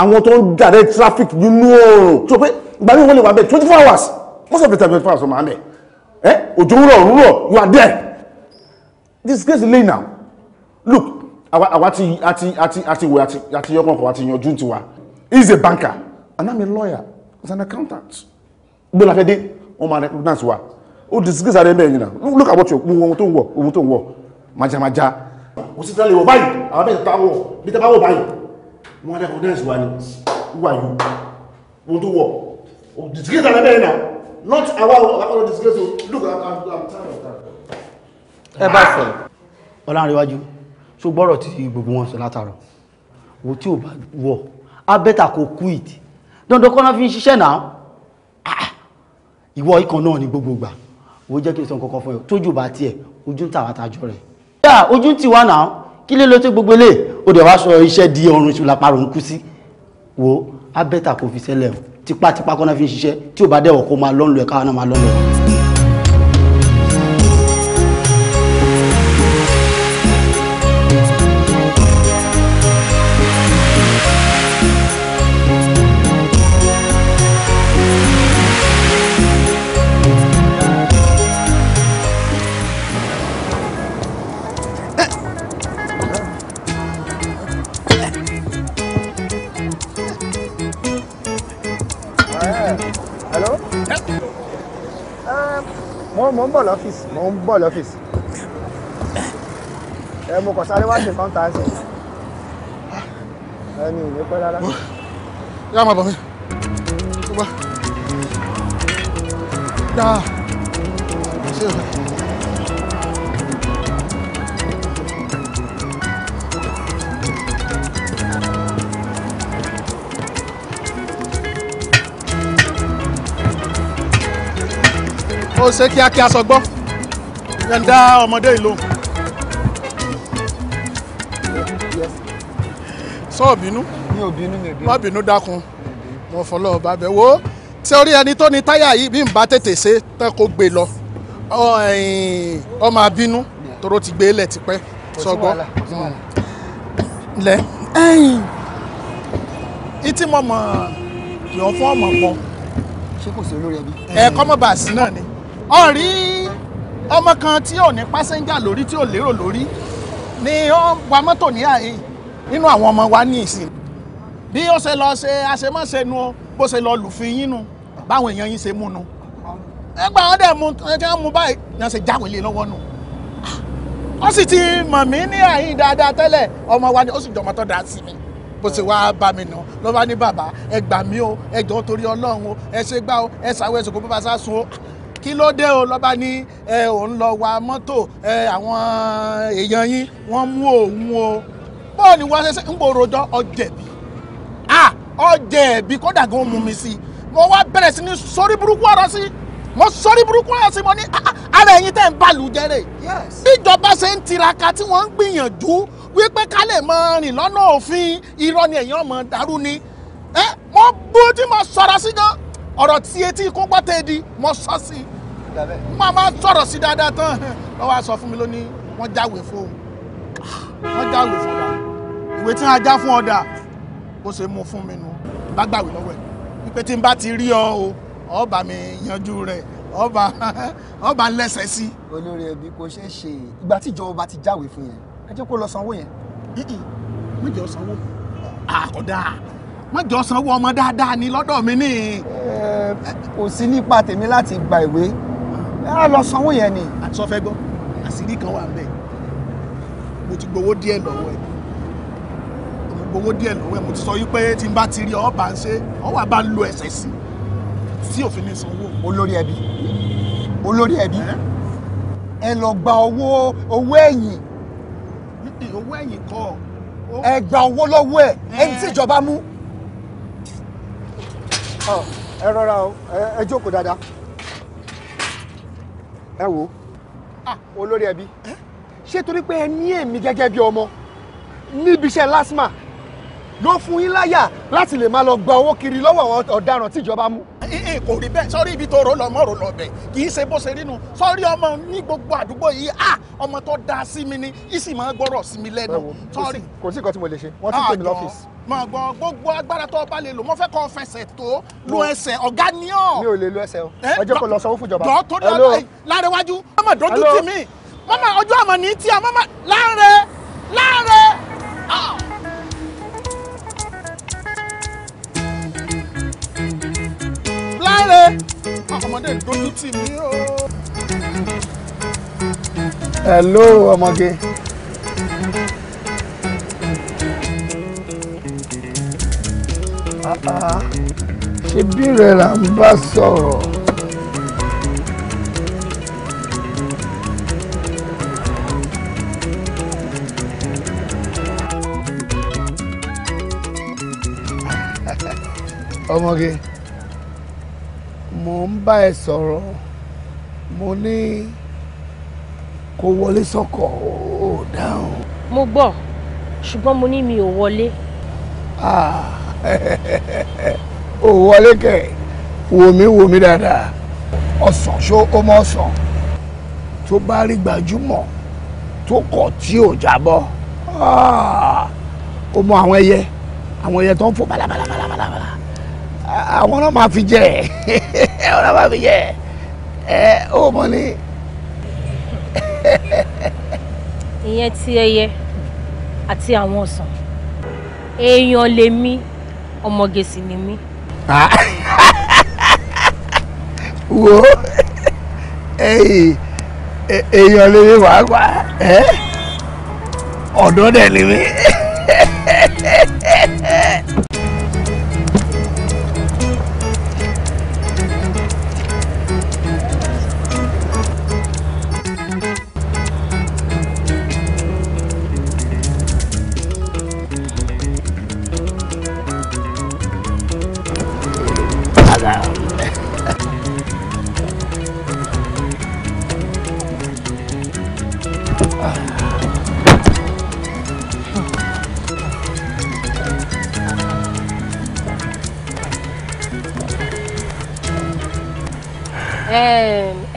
àwọn tó ń dàrẹ́ traffic nínú oòrùn tó pé ìgbà mi wọ́n lè wà bẹ́ẹ̀ twenty four hours most of the time twenty four hours ọmọ àmì ẹ òjò rúrọ̀ rúrọ̀ you are there this case lay now look àwa ti àti àti àti wẹ̀ àti àti yọkàn kọ̀ àti yanjú tiwa he is a banker and i'm a lawyer as an accountant gbọ́dọ̀ afẹ́dé wọ́n máa recognize wa ó disgrace ara ẹ̀ mẹ́rin náà look at what you ohun tó ń wọ̀ ohun tó ń wọ̀ majamaja kò sí tẹ́lẹ̀ wọ̀ báyìí àwọn bẹ́ẹ̀ tó wọ̀ bí tẹ́ bá wọ̀ báyìí wọ́n recognize wa ni wà yìí ohun tó wọ̀ ó disgrace ara ẹ̀ mẹ́rin náà not àwa àkọlọ disgrace o look i'm tired of that. ẹ bá sọ̀rọ̀ ọlọ́run iwájú so gbọ́rọ̀ tí gbogbo wọn sọ látàrọ̀ wo tí ò bá a abẹ́ta kò quit dandan kọ́ná fi ń ṣiṣẹ́ náà ah, ìwọ ikàn náà ni gbogbo gbà wo jẹ́ kí n sọ nǹkan kan fún ẹ tójú bá tiẹ̀ ojú ń tàwa tajọ rẹ̀ yá ojú ń tì wá náà kí lè lọ tó gbogbo lè o dẹ̀ wá sọ iṣẹ́ di ọrùn ìṣúlá parun kú sí wo abẹ́ta kò fi sẹ́lẹ̀ o tipátipá kọ́ná fi ń ṣiṣẹ́ tí ò bá dẹ̀wọ̀ kó máa lọ́nlọ́ ẹ̀ káwọn náà máa lọ́nlọ́ ń bọ̀ lọ́fíìsì mò ń bọ̀ lọ́fíìsì ẹ mo kàn sáré wá ṣe kọ́ńtà ẹsẹ̀ ah, ẹni ò ní pẹ́ rárá. yá máa bọ̀ mí tó bá dáa ṣé o. ó ṣe kíákíá sọgbọ́ yẹn dá ọmọdé yìí lóhùn. sọ bínú mi ò bínú mi ò bínú má bínú dákun mo fọlọ́ ọba bẹ̀ wo ṣé orí ẹni tó ní táyà yìí bí n bá tètè ṣe tán kó gbé lọ ọmọ abínú tóró ti gbé lẹ̀ tipẹ́ sọgbọ́ lẹ ìtì mọ̀mọ́ yọ̀ fún ọmọ pọ̀ ṣé kò sí náà ni ọ̀rí ọmọ kan tí ò ní pásẹ́ńjà lórí tí ò lérò lórí ni ó wa mọ́tò ní àyè nínú àwọn ọmọ wa ní ìsìn bí ó ṣe lọ ṣe àṣemọ́ṣe nu bó ṣe lọ lùfin yín nu báwọn èèyàn yín ṣe mú nu ẹgbẹ́ àwọn dẹ̀ mú kí wọ́n mú báyìí ni wọ́n ṣe jáwé lé lọ́wọ́ nù ó sì ti mọ̀ mí ní àyín dáadáa tẹ́lẹ̀ ọmọ wa ni ó sì jọmọ tó dáa sí mi bó ṣe wáá bá mi nà ló bá ní bàbá ẹ gbà mí o ẹ jọ̀ọ́ torí Ọlọ́run o ẹ ṣe gbá o ẹ ṣàwọ ẹsùn kó bá bá sá sun o kí ló dé o lọ́ba ní òun lọ wa mọ́tò àwọn èèyàn yín wọ́n mú òun o bọ́ọ̀ ni wọ́n ṣe ń gbòòrò jọ ọ̀jẹ̀bí ọ̀jẹ̀bí kódà gan mú mi sí mo wá bẹ̀rẹ̀ sí ní sórí burúkú ọ̀rọ̀ sí mo sórí burúkú ọ̀rọ̀ sí mo ní ah, ah, ara ẹ̀yin tẹ̀ ń bàlù jẹ́rẹ̀ bíjọba ṣe ń tiraka tí wọ́n ń gbìyànjú wípé ká lè mọ rìn lọ́nà òfin irọ́ ni ẹ̀yin ọmọ dàrú ni mo bú tí mo sọ̀rọ̀ sí gan ọ̀rọ̀ tí etí ikú pọ́tẹ́ di mo sọ sí i máa máa sọ̀rọ̀ sí dáadáa tán lọ́wọ́ a sọ fún mi lónìí wọ́n jáwèé fún òun wọ́n jáwèé fún ọ̀dà ìwé tí wọ́n já fún ọ̀dà bó ṣe mú fún mi nu bá gbàwé lọ́wọ́ ẹ̀ wípé tí n bá ti rí ọ o ọ bá mi yanjú rẹ̀ ọba ọba lẹ́sẹ̀ sí. olórí ẹbí kò ṣeé ṣe ìgbà tí ìjọba ti jáwèé fún yẹn ẹ jẹ́ kó lọ sanwó yẹn. mi jẹ́ sanwó àkọ́dá má jọ sanwó ọmọ dáadáa ni lọ́dọ̀ mi ní. kò sí nípa tèmi láti gba ìwé á lọ sanwó yẹn ni. àtisọ́ fẹ́ gbọ́ àṣírí kan wà ńbẹ̀ mo ti gbowó díẹ̀ lọ́wọ́ ẹ̀ mo gbowó díẹ̀ lọ́wọ́ ẹ̀ mo ti sọ yí pé tí n bá ti rí ọ bá ń ṣe ọ wà bá ń lo ẹsẹ̀ sí tí òfin ní sanwó. olórí ẹbí olórí ẹbí ẹ lọ gba owó owó ẹ̀yìn. owó ẹ̀yìn kọ́. ẹ gba owó lọ́wọ́ ẹ ẹni tí ìjọba mú ẹ rọra o ẹ jókòó dáadáa ẹ wò ó ah. olórí ẹbí ṣé torí pé ẹ ní èmi gẹ́gẹ́ bí ọmọ níbi iṣẹ́ LASTMA ló fún yín láyà láti lè máa lọ gba owó kiri lọ́wọ́ ọ̀daràn tíjọba mú kò rí bẹ́ẹ̀ sọ́rí ibi tó rò lọ rò lọ kì í ṣe bó ṣe rínu sọ́rí ọmọ ní gbogbo àdúgbò yìí à ọmọ tó dáa sí mi ni í máa gbọ́rọ̀ sí mi lẹ́nu sọ́rí. kò sí nǹkan tí mo lè ṣe wọ́n ti pè mí lọ́fíìsì. máa gbọ́ gbogbo agbára tó bá lè lò mo fẹ́ kọ́ fẹsẹ̀ tó lu ẹsẹ̀ ọ̀gá ni ọ́. mi ò lè lu ẹsẹ̀ o ọjọ́ kò lọ sanwó fúnjọba. dọ́ torí ọmọdé dojú tì mí o. hello ọmọge. Ah, ah. ṣebí rẹ̀ là ń bá sọ̀rọ̀. ọmọge bá ẹ sọ̀rọ̀ mo ní kó wọlé sọ́kọ̀ ò dáhùn. mo gbọ́ ṣùgbọ́n mo ní mi ò wọlé. ò wọlé kẹ wò mí wò mí dáadáa ọsàn ṣó o mọ ọsàn tó bá rí gbajúmọ̀ tó kọ̀ tí ò jábọ́ o mọ àwọn ẹyẹ àwọn ẹyẹ tó ń fò balabalabala àwọn náà máa fi jẹ ẹ. ẹ ọ̀rọ̀ bá mi yẹ ẹ ó mọ ni. ìyẹn ti ẹyẹ àti àwọn ọ̀sán èèyàn lèmi ọmọge sì ni mí. Ah. wo èèyàn lèmi wàá wá ọ̀dọ́ dẹ̀ lèmi.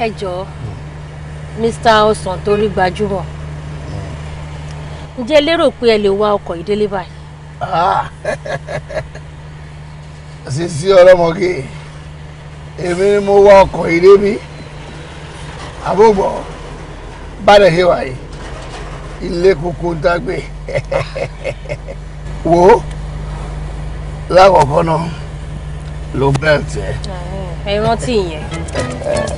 ẹ jọ̀ọ́ Mr. Ọsàn torí gbajúmọ̀ ǹjẹ́ lérò pé ẹ lè wa ọkọ̀ ìdílé báyìí. Ah, sisi ọlọmọge èmi ni mo wa ọkọ̀ ìdílé mi àbúgbọ̀ bàdẹ̀ ṣe wáyé ilé koko ń dágbé wo lákọ̀ọ́kọ́ náà ló bẹ́ẹ̀ tẹ́. ẹ rántí ìyẹn. Eh.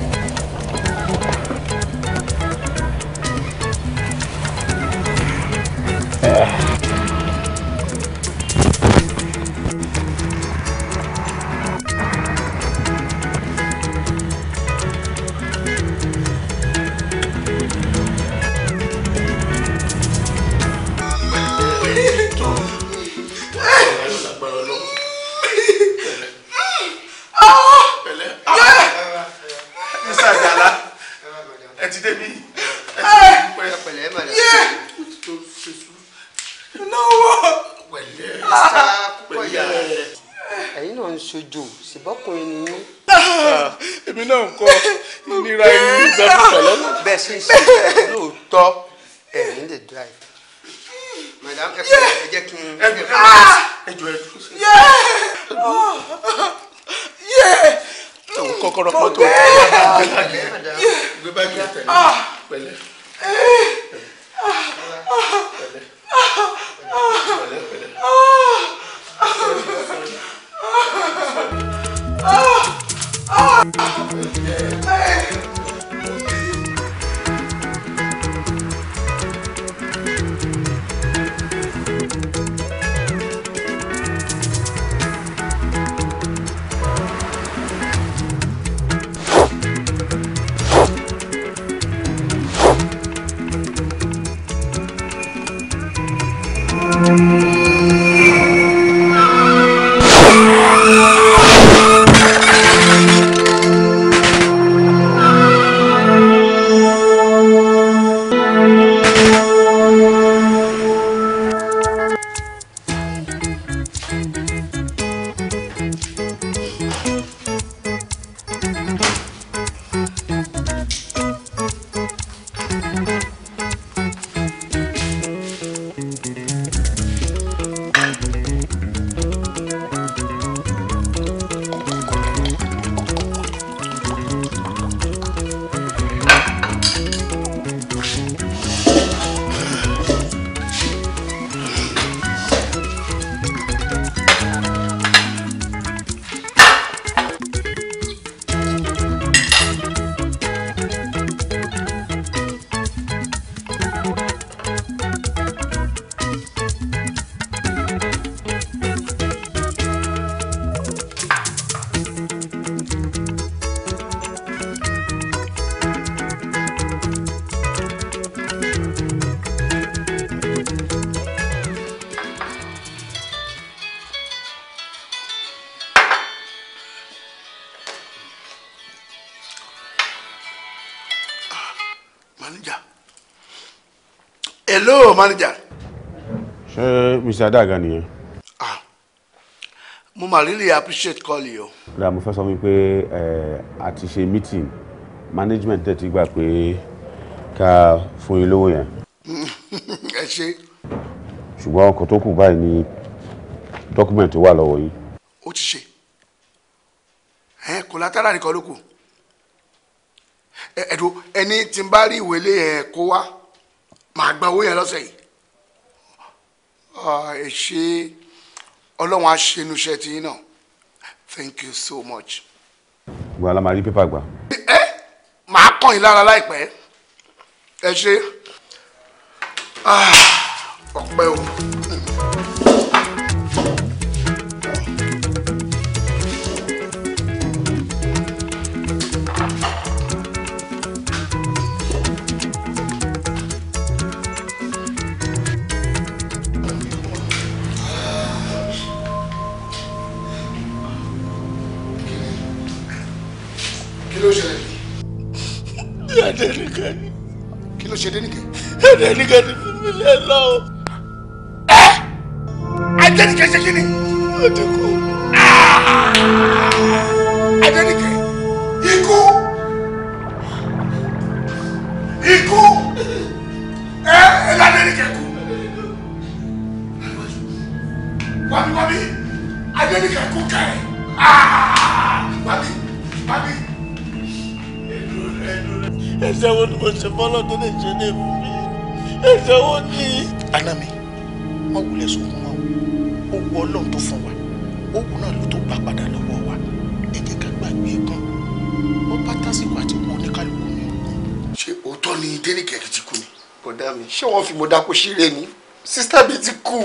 manager hello manager. ṣé mr daga nìyẹn. ah mo ma really appreciate call yìí o. ra mo fẹ́ sọ mi pé a ti ṣe meeting management tẹ̀ ti gbà pé ká fún yín lówó yẹn. ẹ ṣe. ṣùgbọ́n ọkọ̀ tó kù báyìí ni dọ́kúmẹ̀ntì wà lọ́wọ́ yín. ó ti ṣe ẹ kò látara nìkan ló kù ẹ̀dùn ẹni tí n bá rí ìwé lé ẹ̀ kó wá màá gba owó yẹn lọ́sẹ̀ yìí ah, ẹ ṣe ọlọ́run á ṣe inú náà thank you so much. gbọ́dọ̀ la máa rí pépà gbà. ẹ màá kàn yín lára láìpẹ́ ẹ ṣe ah, ọpẹ́ o. ló ṣe dénìkẹ́. dénìkẹ́ ti fi mí lẹ́ lọ. ẹ adénìkẹ́ ṣe kí ni. ó ti kú. adénìkẹ́ ah! ikú ikú ẹ ẹ ládénìkẹ́ kú. wàbí wàbí adénìkẹ́ kú kẹ́ ẹ wàbí wàbí ẹsẹ̀ wo ni mo ṣe fọ́lọ́ tó mi ẹ̀ṣẹ̀ wo ni. àná mi má wulẹ̀ sunkún wa ó wọ ọlọ́run tó fún wa oògùn náà ló tó gbà padà lọ́wọ́ wa ẹ jẹ́ ká gbàgbé e gan wọ́n bá tásìkò àti kú oníkálukú ni. ṣé òótọ́ ni dénìkẹ́ ti kú ni. bọ̀dá mi ṣé wọ́n fi mọ̀dá kó ṣeré ni sísítà mi ti kú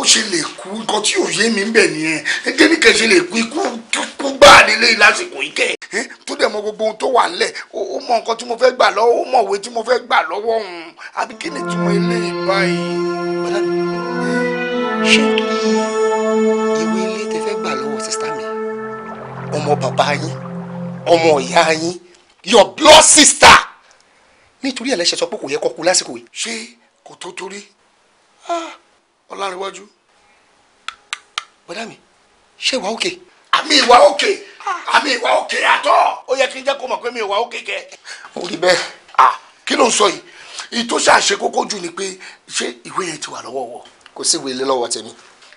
ó ṣe lè kú nǹkan tí òye mi ń bẹ̀ nìyẹn dénìkẹ́ ṣe lè kú ikú gbáà nílé lásìkò yìí Eh? tó dẹ̀ mọ gbogbo ohun tó wà nílẹ̀ ó mọ nǹkan tí mo fẹ́ gbà lọ́wọ́ ó mọ̀wé tí mo fẹ́ gbà lọ́wọ́ òun àbí kí ni túmọ̀ eléyìí báyìí. ṣé ìwé ilé tẹ fẹ́ gbà lọ́wọ́ sista mi ọmọ bàbá yín ọmọ ìyá yín your blood sister nítorí ẹlẹ́ṣẹ̀ sọ pé kò yẹ kó kú lásìkò yìí. ṣé kò tó torí ah, ọlárìnwájú bọ́dá mi ṣé ìwà òkè. Okay? àmì ìwà òkè àmì ìwà òkè àtọ ó yẹ kí n jẹ kó mọ̀ pé mi ìwà òkè kẹ. ó rí bẹ́ẹ̀ kí ló ń sọ yìí ìtò ṣàṣe kókó jù ni pé ṣé ìwé yẹn ti wà lọ́wọ́ wọ. kò sí ìwé ilé lọ́wọ́ tèmi.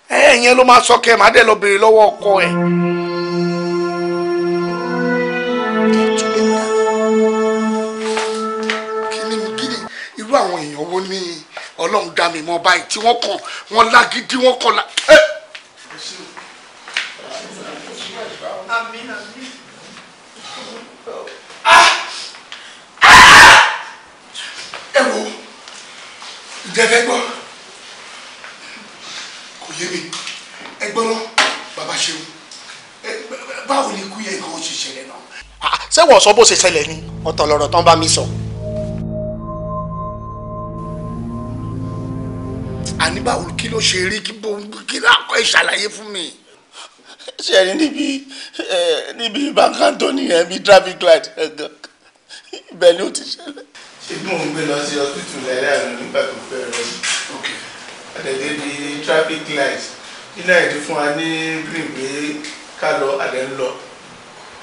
ẹ ẹ yẹn ló máa sọ kẹ màá dé lọ béèrè lọ́wọ́ ọkọ ẹ. irú àwọn èèyàn wo ni ọlọ́run dá mi mọ́ báyìí tí wọ́n kàn wọ́n lágídí wọ́n kàn lá. tẹ́fẹ́ gbọ́ kò yé mi ẹ gbọ́ lọ bàbá ṣeun báwo ni ikú yẹn kan ṣe ṣẹlẹ̀ náà. Ah, ah, ṣé wọ́n sọ bó ṣe ṣẹlẹ̀ ni ọ̀tọ̀ lọ̀rọ̀ tán bá mi sọ. àní báwo kí ló ṣe rí kí kí lákọ̀ ìṣàlàyé fún mi. ṣe rí níbi níbi bankanto nìyẹn bíi traffic light ẹ̀gàn ibẹ̀ ni ó ti ṣẹlẹ̀ ṣé mò ń gbé lọ sí hospital lẹ́rẹ́ àná nígbà tó fẹ́ rọ àtẹ̀dé di traffic light nílẹ̀ ìdí fún wa ní green pé ká lọ àlẹ́ ń lọ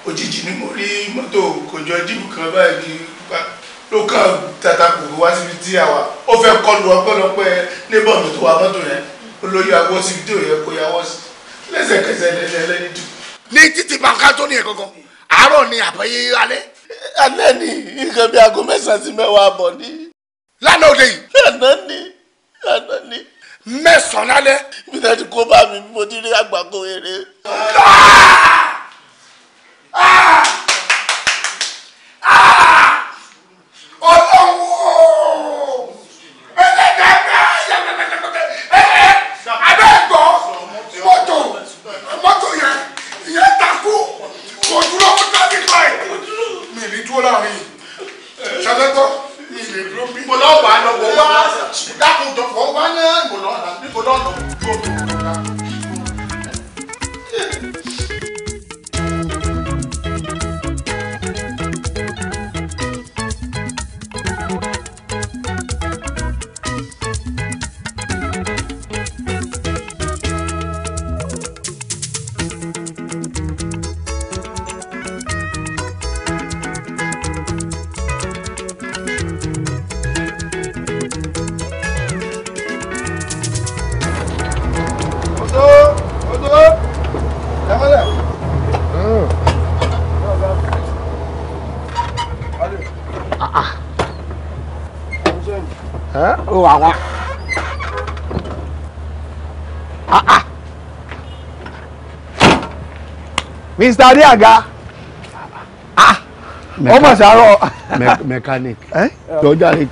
òjijì ni mo rí mọ́tò kòjọ dìbò kan báyìí ló kàn tàtàkù wá síbi tí a wà ó fẹ́ kọlu ọgbọ́dọ̀pẹ́ níbọ̀ mi tó wa mọ́tò yẹn olóyè awọ síbi tí ò yẹ kó yàwọ́ sí lẹ́sẹ̀kẹsẹ̀ lẹ́lẹ́lẹ́ni dùn. ní títí bàǹkà tó ní ẹ̀ gangan àárọ̀ ni àbẹ̀yẹ alẹ́ àná ni nǹkan bíi aago mẹ́sàn-án sí mẹ́wàá àbọ̀ ni. lánàá òde yìí. àná ni àná ni. mẹ́sàn-án lálẹ́. mi náà ti kó bá mi mo ti rí àgbàkọ eré. Ah! Ah! ẹ ó àwọn. Mr. Adéaga ọmọ sàárọ̀. mechanic tọ́jà rẹ̀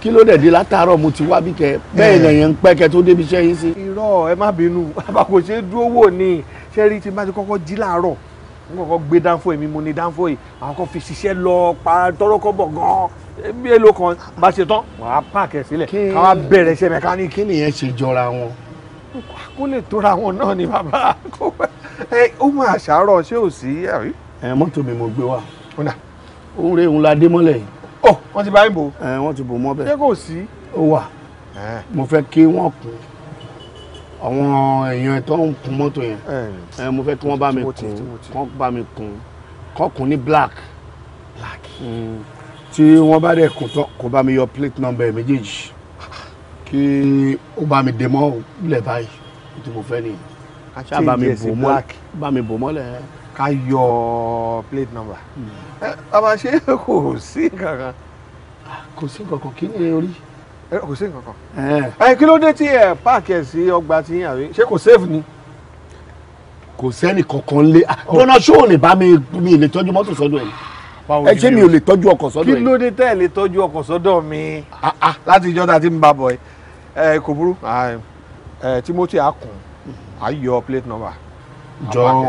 kí ló dẹ̀ di látàárọ̀ mo ti wá bí kẹ bẹ́ẹ̀ lẹ́yìn ń pẹ́ kẹ tó débi iṣẹ́ yín sí. irọ́ ẹ má bínú àbàkò ṣe dúró wò ní ṣẹ́rí tí n bá ti kọ́kọ́ jí láàárọ̀ n kọ́kọ́ gbé dánfó mi mo ní dánfó yìí àwọn kan fi ṣiṣẹ́ lọ pa tọ́rọ́kọ́ bọ̀ gan-an bí èlò kan bá ṣe tán wàá pààkẹ́ sílẹ̀ káwá bẹ̀rẹ̀ iṣẹ́ mẹkáníìkì. kí nìyẹn ṣe jọra wọn. kó lè tóra wọn náà ni bàbá kó ẹ ó mọ àṣàrọ̀ ṣé ò sí àrí. ẹ mọ́tò mi mo gbé wá òun rè òun la dé mọ́lẹ̀ yìí. ọ wọ́n ti bá yín bò. ẹ wọ́n ti bò mọ́ bẹ́ẹ̀. ṣé kò sí. ó wà mo fẹ́ kí wọ́n kún àwọn èèyàn tó ń kun mọ́tò yẹn ẹ mo fẹ́ kí wọ́n bá mi kún kọ́ ní black. black. Mm tí wọ́n bá dẹ̀ kún tán kó bá mi yọ plate number méjèèjì kí ó bá mi dè mọ́ lẹ̀ báyìí tí mo fẹ́ nìyí. àṣà bá mi bò mọ́ bá mi bò mọ́lẹ̀. ká yọ plate number. ẹ hmm. eh, a máa ṣe kò sí kankan. kò sí kankan kí ni orí. Eh, kò sí kankan. ẹ eh. kí ló dé tí ẹ páàkì ẹ sí ọgbà tí yín àbí ṣé kò save ni kò sẹ́ni kankan lé bọ́nà ah, ṣóò lè bá mi mi lè tọ́jú mọ́tò sọ́dọ̀ ẹ̀ ẹ ṣé mi ò lè tọ́jú ọkọ̀ sọ́dọ̀ yìí. kí ló dé tẹ́ ẹ lè tọ́jú ọkọ̀ sọ́dọ̀ mi. Ah, ah, láti ìjọ́ ta ti ń bá bọ̀ ẹ kò burú ah, Timothy akun a plate number. jọ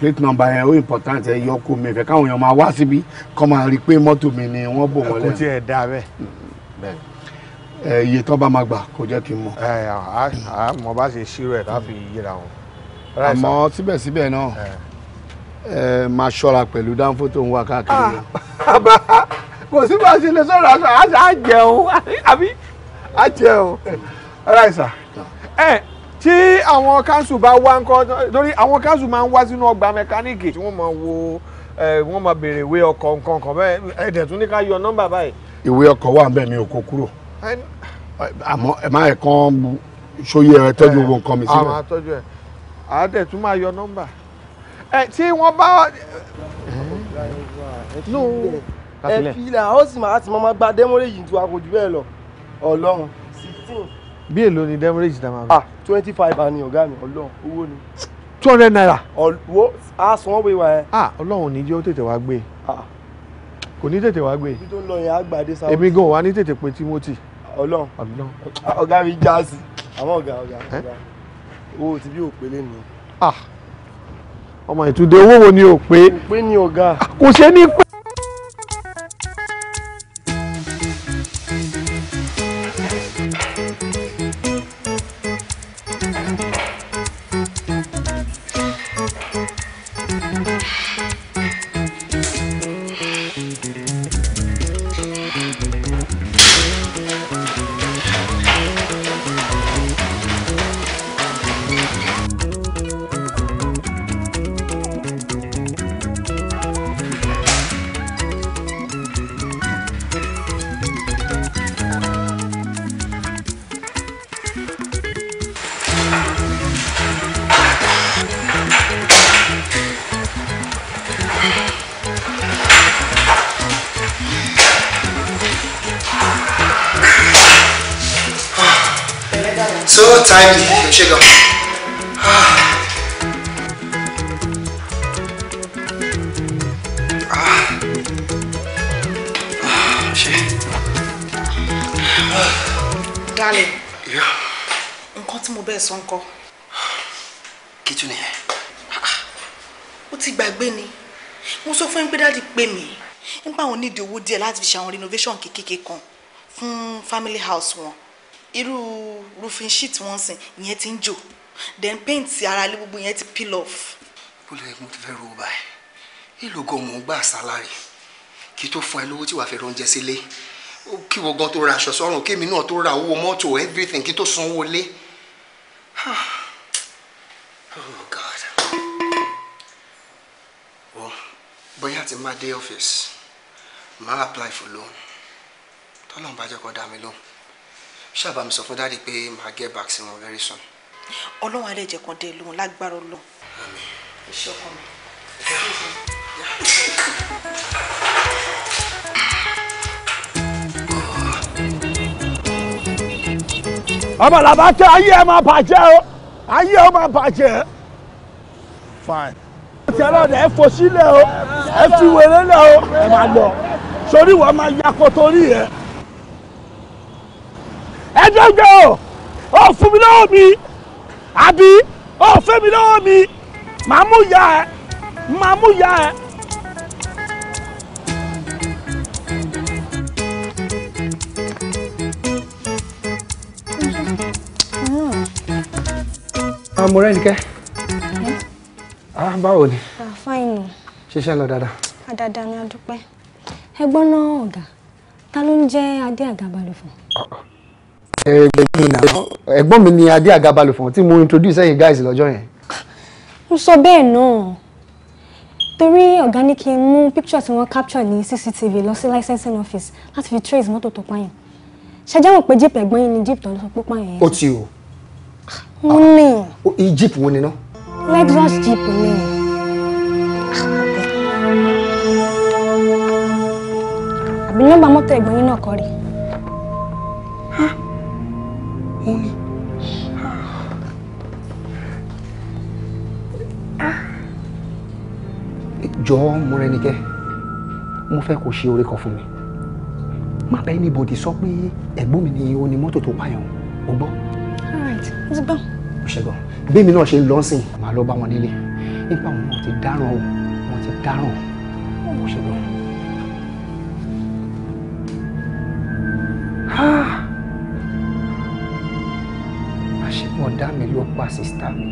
plate number yẹn ó important ẹ yọ kó mi fẹ́ káwọn èèyàn máa wá síbi kọ́ máa rí i pé mọ́tò mi ni wọ́n bò wọ́n lẹ́nu. kò tiẹ̀ da bẹ́ẹ̀ iye tó bá máa gbà kò jẹ́ kí n mọ̀. àmọ́ bá ṣe ṣírò ẹ̀ láfi yíra wọn. àmọ́ síbẹ̀síbẹ̀ náà ẹ máa ṣọ́ra pẹ̀lú dáńfó tó ń wá káàkiri. Ah, kò sí bá a ṣe lè sọ̀rọ̀ àṣà àṣà á jẹun àbí á jẹun. ọ̀ráìsà ẹ tí àwọn kanṣu bá wá ńkọ́ torí àwọn kanṣu máa ń wá sínú ọgbà mẹkáníìkì tí wọ́n máa wo wọ́n máa béèrè ìwé ọkọ̀ nǹkan kan bẹ́ẹ̀ ẹ̀dẹ̀ tún ní ká yọ nọ́mbà báyìí. ìwé ọkọ̀ wà ńbẹ̀ mi ò kó kúrò àmọ́ ẹ̀ máa ẹ̀kan ṣóyè ẹ̀ tọ́jú gbogbo nǹkan mi sílẹ̀. àwọn àtọ́jú ẹ̀ àádẹ́tún máa yọ nọ́mbà ẹ tí wọ́n bá. no ẹ filẹ̀ àwọn sì máa ti máa gba demorage ju àkójú bẹ́ẹ̀ lọ ọlọ́run sixteen. bí èlò ni demorage dá máa. ah twenty five àní ọ̀gá mi ọlọ́run owó ni. two hundred naira. ọ̀wọ́ a san owó ìwà ah ọlọ́run ò ní jẹ́ ó tètè wá gbé kò ní tètè wá gbé ibi tó ń lọ yẹn àgbàdé sáwọ́ èmi gan wà ní tètè pé Timothy. ọlọ́run ọlọ́run ọ̀gá mi já àmọ́ ọ̀gá ọ̀gá ọ̀gá owó ti bí òpèlè nìyẹn. ah ọmọ ìtúndé owó wo ni o pé kò ṣe ní pé pè mí nípa àwọn onídìí owó díẹ̀ láti fi ṣe àwọn renovation kékeré kan fún family house wọn irú roofing sheet wọn sìn ìyẹn ti ń jò then paint ara ilé gbogbo yẹn ti peel off. bólú ẹ̀gbọ́n ti fẹ́ ro báyìí èlò gan-an gbà sálárì kí tó fún ẹ lówó tí wàá fẹ́ rọ́njẹ sílé kí wọ́n gan tó ra aṣọ sọ́run kémi náà tó ra owó mọ́tò everything kí tó sanwó lé. bóyá ti máa dé ọ́fíìsì máa apply for loan tọ́lọ́n bá jẹ́ kó dá mi lóhùn ṣáàbà mi sọ fún dáàdi pé màá get back sí wọn very soon. ọlọ́run alẹ́ jẹ́ kan dé lóhùn lágbára ọlọ́run. àmín. iṣẹ́ ọkọ mi. ọmọ làbá tẹ ayé ẹ máa bàjẹ́ o ayé ẹ máa bàjẹ́ fine ti aláàdá ẹ fò sílẹ̀ o ẹ fi wèrè lẹ̀ o ẹ máa lọ sórí wàá máa yakọ torí ẹ. ẹ dọ́gbẹ́ o ò fún mi lọ́wọ́ mi àbí ò fẹ́ mi lọ́wọ́ mi màá mú ya ẹ màá mú ya ẹ. àmọ̀rẹ́ nìkẹ́ ah báwo ni. ah fine o. ṣiṣẹ́ lọ dáadáa. àdàdà ah, ni a dúpẹ́. ẹgbọ́n náà ọ̀gá ta ló ń jẹ́ adé àgàbàlùfọ̀n. ẹ̀gbọ́n mi ni adé àgàbàlùfọ̀n tí mo introduce ẹ̀yin guys lọ́jọ́ yẹn. mo sọ bẹ́ẹ̀ náà torí ọ̀gá ní kí n mú picture tí wọ́n capture ní cctv lọ sí licensing office láti fi trace mọ́tò tó pààyàn ṣẹjẹ́ mọ̀ pé jeep ẹ̀gbọ́n yìí ni jeep tó ń sọ pé pààyàn yẹn. ó ti o. mo ní. jeep wo ni náà lexus jeep mi àbí nọ́mbà mọ́tò ẹ̀gbọ́n yín náà kọ́ rí. òun ni jọ̀ọ́ Mọ́rẹ́nikẹ́ mo fẹ́ kó ṣe oore kan fún mi má bá anybody sọ pé ẹ̀gbọ́n mi ni ó ni to tó pààyàn o gbọ́. all right Let's go. We mo go bẹ́ẹ̀ mi náà ṣe ń lọ sìn màá lọ bá wọn nílé nípa àwọn náà ti dáràn o wọn ti dáràn o mo ṣe lọ. Ah! àṣepọ̀ ọ̀dá mi ló pa sísítà mi.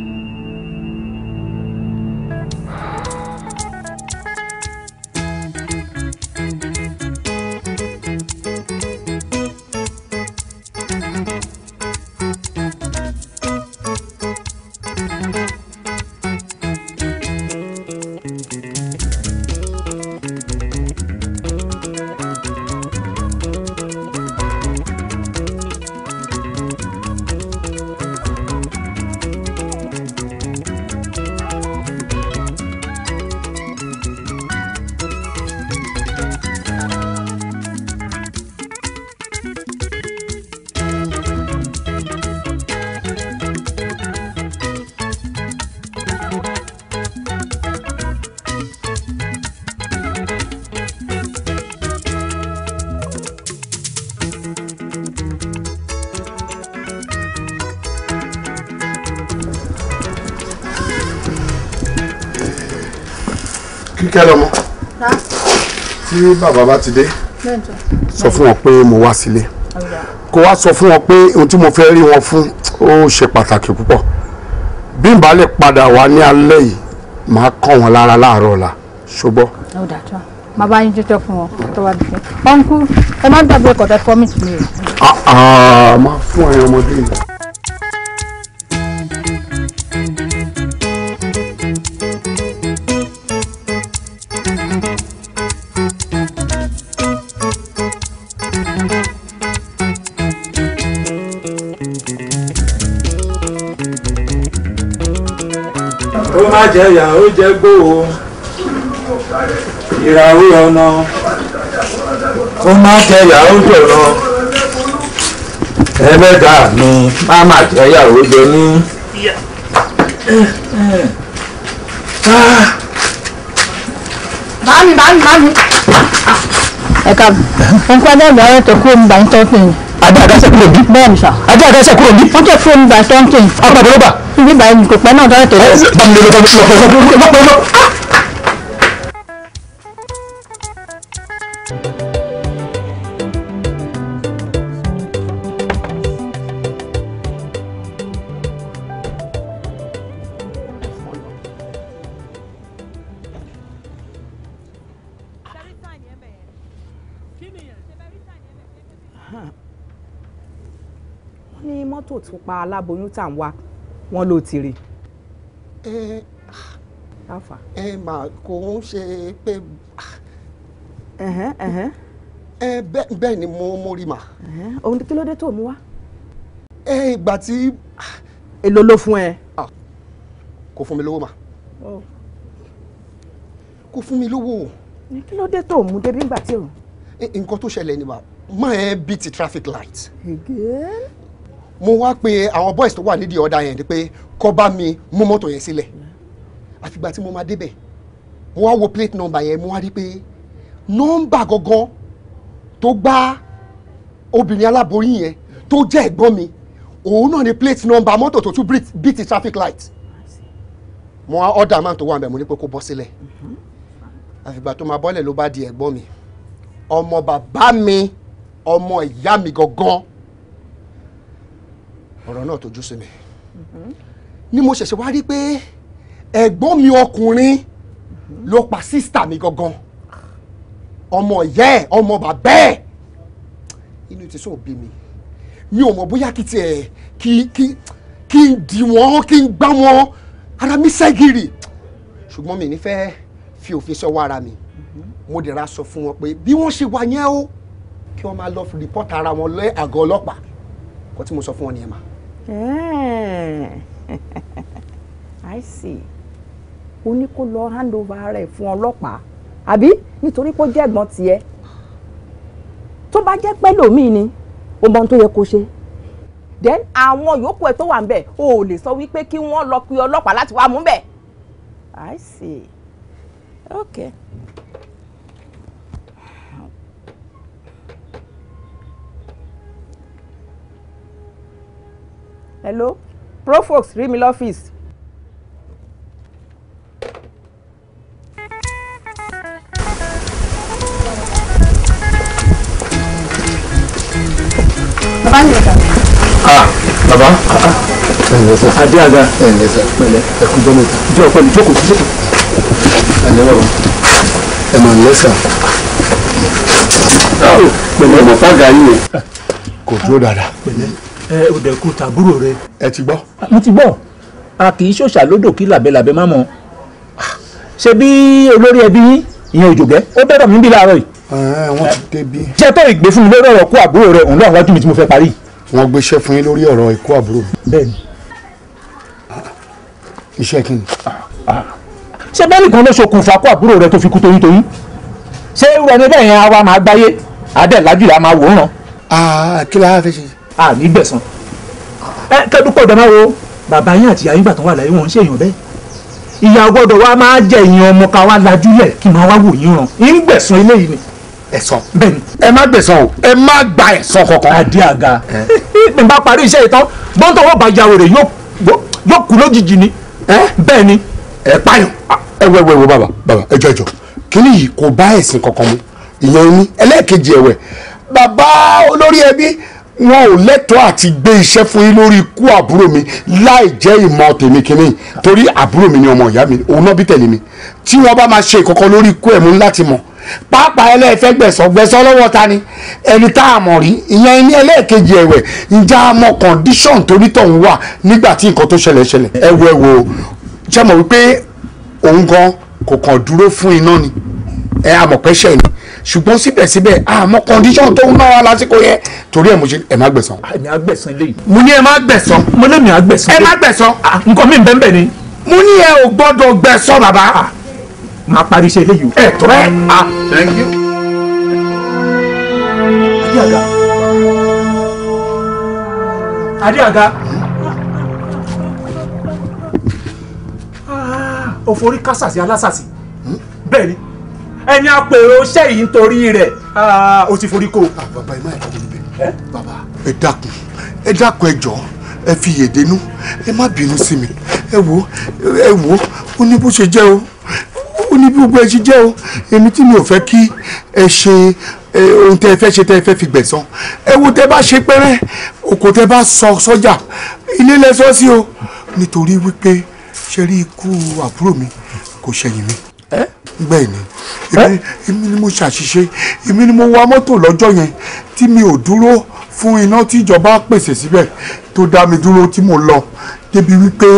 kíkẹ́ lọ́mọ tí bàbá bá ti dé sọ fún wọn pé mo wá sílé kó wá sọ fún wọn pé ohun tí mo fẹ́ rí wọn fún ó ṣe pàtàkì púpọ̀ bí n bá lè padà wá ní alẹ́ yìí màá kàn wọ́n lára láàárọ̀ ọ̀la ṣùgbọ́n. ó dàtọ́ màá bá yín jíjọ fún wọn tó wà nífẹ̀ẹ́ ọ̀nkú ẹ má gbàgbé ọkọ̀ tẹ promise mi. àà ah, ah, máa fún ẹ̀yin ọmọdé yìí. jẹ́ yà ó jẹ́ gbòòó ìràwé ọ̀nà kó má jẹ́ yà ó jọ̀nà ẹlẹ́dàá mi má má jẹ́ yà ó jọ ní. Báàmì báàmì báàmì. Ẹ̀ka nǹkan dábàá ayé tó kúrò ní bàǹtọ́pìn. Adé àdáṣe kúrò bí. Bẹ́ẹ̀ni sà. Adé àdáṣe kúrò bí. Wọ́n tẹ̀ kúrò ní bàǹtọ́pìn. Ọkọ̀ àbúrò bà ibi báyìí ni kò pẹ́ náà dọ́rọ̀ tẹ̀lé. wọ́n ní mọ́tò tó pa aláboyún tá à ń wá wọ́n ló ti rí. ẹ ẹ mà kò ń ṣe pé bẹ́ẹ̀ ni mo mo rí mà. òun kí ló dé tó mú wá. ẹ ìgbà tí. èló ló fún ẹ. kò fún mi lówó mà. kò fún mi lówó. kí ló dé tó mú débi ńgbà tí o. nǹkan tó ṣẹlẹ̀ ni mà máa ẹ bí traffic light. again mo wá pe àwọn boys tó wà nídìí ọ̀dà yẹn pé kó bá mi mú mọ́tò yẹn sílẹ̀ àfìgbà tí mo máa débẹ̀ mo wá wo plate number yẹn mo wá rí pé nọ́mbà gangan tó gbá obìnrin aláboyún yẹn tó jẹ́ ẹ̀gbọ́n mi òun náà ni plate number mọ́tò tó tún beat the traffic light mo wá ọ̀dà máa tó wà mẹ́mú ní pé kó bọ́ sílẹ̀ àfìgbà tó máa bọ́lẹ̀ ló bá di ẹ̀gbọ́n mi ọmọ bàbá mi ọmọ ìyá mi gangan ọ̀rọ̀ náà tójú sí mi ni mo ṣẹ̀ṣẹ̀ wá rí pé ẹ̀gbọ́n mi ọkùnrin ló pa sísítà mi gangan ọmọ ìyá ẹ̀ ọmọ bàbá ẹ̀ inú ti sọ̀rọ̀ bí mi mi ò mọ̀ bóyá kí tiẹ̀ kí kí kí n dì wọ́n kí n gbá wọn ara mi ṣẹ́gìrì ṣùgbọ́n mi ní fi òfin sọ́wọ́ ara mi mo dẹ̀ ra sọ fún wọn pé bí wọ́n ṣe wà yẹn o kí wọ́n máa lọ report ara wọn lé àgọ́ ọlọ́pàá kó tí mo sọ fún wọn nìyẹn mà. Eh. I see o ní kó lọ hand over rẹ̀ fún ọlọ́pàá àbí nítorí kó jẹ́ ẹ̀gbọ́n tiẹ̀ tó bá jẹ́ pẹ́ lòmíì ni o mọ ohun tó yẹ kó ṣe then àwọn yòókù ẹ̀ tó wà ń bẹ̀ o ò lè sọ wípé kí wọ́n lọ pe ọlọ́pàá láti wá mú bẹ̀ I see okay. hello profox rí mi lọ́fíìsì. bàbá mi ò ah, dà. bàbá adé àga pẹ̀lẹ́ ẹkú bọmọta jọ pẹ̀lú jókòó jókòó. ẹnlẹ bàbá ẹ máa ń lẹsà pẹ̀lẹ́ ọmọ fága yìí kò dúró dáadáa ẹ ò dẹ̀ kú tàbúrò rẹ. ẹ ti gbọ́. Ah, mo ti gbọ́ a kì í ṣòṣà lódò kí làbẹ́làbẹ́ má mọ̀ ah, ṣe bí olórí ẹbí ìyẹn òjògẹ́ ó bẹ̀rọ̀ mí bí láàárọ̀ yìí. wọ́n ti débi. jẹ́ tó ìgbé fún mi lórí ọ̀rọ̀ kú àbúrò rẹ òun lọ́wọ́ wájú mi tí mo fẹ́ parí. wọ́n gbéṣẹ́ fún yín lórí ọ̀rọ̀ ikú àbúrò mi. bẹ́ẹ̀ni. Ah, iṣẹ́ kí ni. ṣé bẹ́ẹ̀ nìkan ló ṣokùnfà kú àbúrò rẹ tó fi kú toyúntoyún ṣé irú bẹ́ẹ̀ yẹn á wá máa gbáyé adẹ́lájú yà máa wòóràn. kí la fẹ́ ṣe a ní gbẹ̀san ẹ kẹ́dúpọ̀ dáná wo bàbá yín àti àyíngbà tó wà láyé wọn ń ṣèyàn bẹ́ẹ̀ ìyá gbọ́dọ̀ wa máa jẹ ìyẹn ọmọ ká wa lajúlẹ̀ kí n máa wá wò yín ràn ń gbẹ̀san eléyìí ni ẹ̀san bẹ́ẹ̀ ni. ẹ má gbẹ̀san o ẹ má gba ẹ̀san kankan. adé àga n bá parí iṣẹ́ ìtàn bọ́ńtọ̀ wọ́n bá yóò kú lójijì ni bẹ́ẹ̀ ni. ẹ pààyàn ah. ẹ wẹ wẹ wo bàbá bàbá ẹ jọ ẹ jọ kíní yìí kò bá ẹ̀sìn kankan mu ìyẹn ní ẹlẹ́ẹ̀kejì ẹ̀wẹ̀ bàbá olórí ẹbí wọn ò lẹ́tọ̀ọ́ àti gbé iṣẹ́ fún yín lórí ikú àbúrò mi láì jẹ́ ìmọ̀ tèmi kínní torí àbúrò mi ni ọmọ ìyá mi òun náà bí tẹ̀lé mi tí wọ́n bá máa ṣe ìkọ̀kọ̀ lórí ikú ẹ̀ mú láti mọ̀ pàápàá ẹlẹ́ẹ̀fẹ́ gbẹ̀sọ̀ gbẹ̀sọ̀ lọ́wọ́ ta ni ẹni tá a mọ̀ rí ìyẹn ní ẹlẹ́ẹ̀kejì ẹ̀wẹ̀ ǹjẹ́ a mọ̀ kọ̀ǹdíṣọ̀n torí tọ̀hún wà nígbà tí nǹkan tó ṣẹlẹ̀ ṣẹlẹ̀ ẹ wo ẹ wo ṣe mọ̀ wípé òun gan kò kàn dúró fún iná ni ẹ amọ̀pẹ́ṣẹ̀ ni ṣùgbọ́n síbẹ̀síbẹ̀ àmọ́ condition tó ń bá lásìkò yẹn torí ẹ̀ mo ṣe ẹ̀ má gbẹ̀san. èmi ah, á gbẹ̀san eléyìí. mo ní ẹ má gbẹ̀san. mo lé mi á gbẹ̀san. ẹ má gbẹ̀san. Ah, nǹkan mi bẹ́ẹ̀ bẹ́ẹ̀ ni. mo ní ẹ ò gbọ́dọ̀ gbẹ̀san bàbá. Ah, máa parí iṣẹ́ eléyìí o. ẹ tọ́ ẹ. thank you. adé àga. adé àga. òforí kásàsì alásàsì hmm? bẹ́ẹ̀ ni ẹni àpèrò ṣẹ́ yìí nítorí rẹ̀ ó ti forí kó. Ah, bàbá ìmọ̀ ẹ̀kọ́ mi bẹ̀ bàbá ẹ dákun ẹ dákun ẹ jọ̀ọ́ ẹ fi yèdénú ẹ má bínú sí mi ẹ wo ẹ wo ó ní bó ṣe jẹ́ o ó ní bí gbogbo ẹ ṣe jẹ́ o èmi tí mi ò fẹ́ kí ẹ ṣe ohun tẹ́ ẹ fẹ́ ṣe tẹ́ ẹ fẹ́ fi gbẹ̀san ẹ wo tẹ́ bá ṣe pẹ́rẹ́ òkò tẹ́ bá sọ sọ́jà ilé lẹ́sọ́ sí o nítorí wípé ṣe rí ikú àbúrò mi kò ṣẹ̀yìn mi bẹ́ẹ̀ ni èmi ni mo ṣàṣìṣe èmi ni mo wa mọ́tò lọ́jọ́ yẹn tí mi ò dúró fún iná tí ìjọba pèsè síbẹ̀ tó dá mi dúró tí mo lọ débi wípé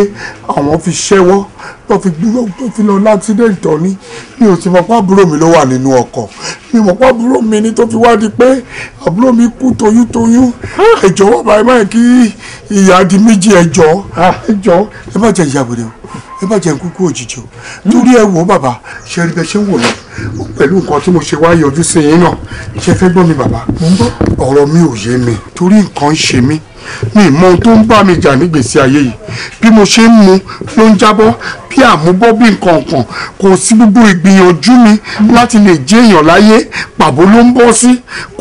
àwọn fi ṣẹ́wọ́ tó fi gbúrò tó fi lọ láksidẹ̀ntì tọ́ni mi ò sì mọ̀ pé àbúrò mi ló wà nínú ọkọ̀ mi mọ̀ pé àbúrò mi ni tó fi wá di pé àbúrò mi kú toyúntoyún ah! ẹ̀jọ̀ wà báyìí báyìí kí ìyá di méjì ẹ̀jọ̀ ah! ẹ̀jọ̀ ẹ má jẹ́ ìyá wèrè o ẹ má jẹ́ nkúkú òjijì o torí ẹ wò ó bàbá ṣe rí bẹ́ẹ̀ ṣe ń wò mí pẹ̀lú nǹkan tí mo ṣe wá yọjú sí yín náà ṣe fẹ́ gbọ́ mi bàbá ọ̀rọ̀ mi ò yé mi torí nǹkan ń ṣe mí mi mọ ohun tó ń bá mi jà nígbèsí ayé yìí bí mo ṣe ń mu ló ń jábọ́ bí àmúbọ́ bí nǹkan kan kò sí gbogbo ìgbìyànjú mi láti lè jẹ́ èèyàn láyé pàbó ló ń bọ́ sí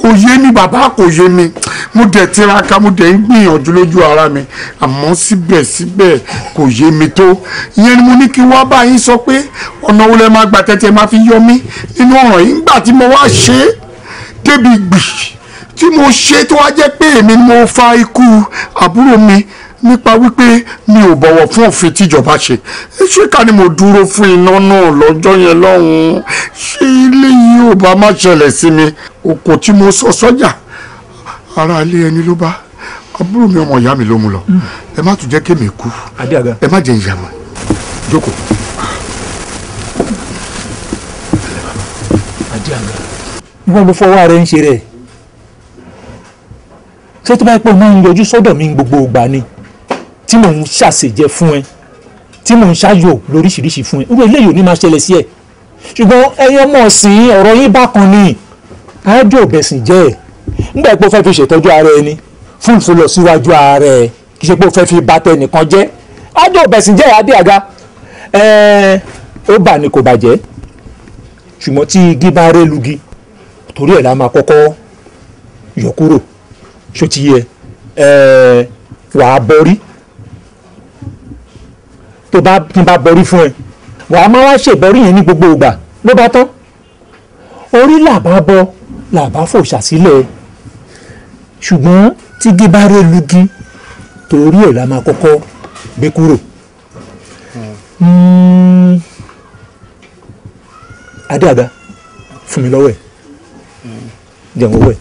kò yé mi bàbá kò yé mi mo dẹ̀ tiraka mo dẹ̀ ń gbìyànjú lójú ara mi àmọ́ síbẹ̀síbẹ̀ kò yé mi tó ìyẹn ni mo ní kí wá bá yín sọ pé ọ̀nà wo lẹ máa gbà tẹ́tẹ́ máa fi yọ mí nínú ọ̀ràn yìí ńgbà tí mo wá ṣe é débi gbìyànjú tí mo ṣe tó wá jẹ́ pé èmi ni mo fa ikú àbúrò mi nípa wípé mi ò bọ̀wọ̀ fún òfin tíjọba ṣe ṣé ká ni mo dúró fún iná náà lọ́jọ́ yẹn lọ́hùn-ún ṣé ilé yìí ò bá má ṣẹlẹ̀ sí mi òkò tí mo sọ sọ́jà ara ilé ẹni ló bá àbúrò mi ọmọ ìyá mi ló mú lọ hmm. ẹ má tún jẹ́ kémi kú ẹ má jẹ́ ìyàwó jókòó. wọ́n ló fọwọ́ ara ń ṣe rẹ̀ ṣé tó bá yẹ pé o máa ń yọjú sọ́dọ̀ mi gbogbo ìgbà ni tí mò ń ṣàṣejẹ fún ẹ tí mò ń ṣáyò lóríṣiríṣi fún ẹ irú eléyìí ò ní máa ṣẹlẹ̀ sí ẹ ṣùgbọ́n ẹyẹ mọ̀ sí ọ̀rọ̀ yín bákan ni àádọ́ òbẹ̀sìn jẹ́ ẹ̀ nígbà pé o fẹ́ fi ṣètọ́jú ara ẹni fún ìfọlọ́síwájú ara ẹ kì í ṣe pé o fẹ́ fi bá tẹnìkan jẹ́ àádọ́ òbẹ̀sìn jẹ́ àdé àga ẹ̀ẹ́n ó bà ní kò bàjẹ́ ṣùgbọ́n tí igi bá rẹ́ lugi torí ẹ̀ la máa kọ́kọ́ yọ kúrò ṣó ti yẹ ẹ eh, wà á bọrí tó bá tí n bá bọrí fún ẹ wà á máa wá ṣèbọrí yẹn ní gbogbo ìgbà ló bá tán orí làbá bọ làbá fòṣà sílẹ̀ ṣùgbọ́n tígi bá lugi torí ẹ̀ la máa kọ́kọ́ gbé kúrò. Hmm. adé àga fún mi lọ́wọ́ ẹ̀ jẹun ẹ̀.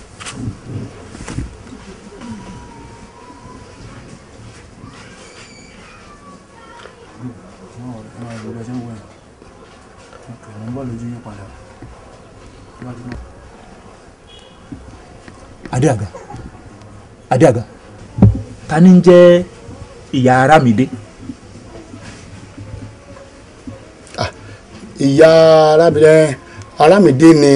Àlàdé àgàn ta ni ń jẹ́ ìyá Arámidé. Ah, ìyá Arábìnrin Arámidé ni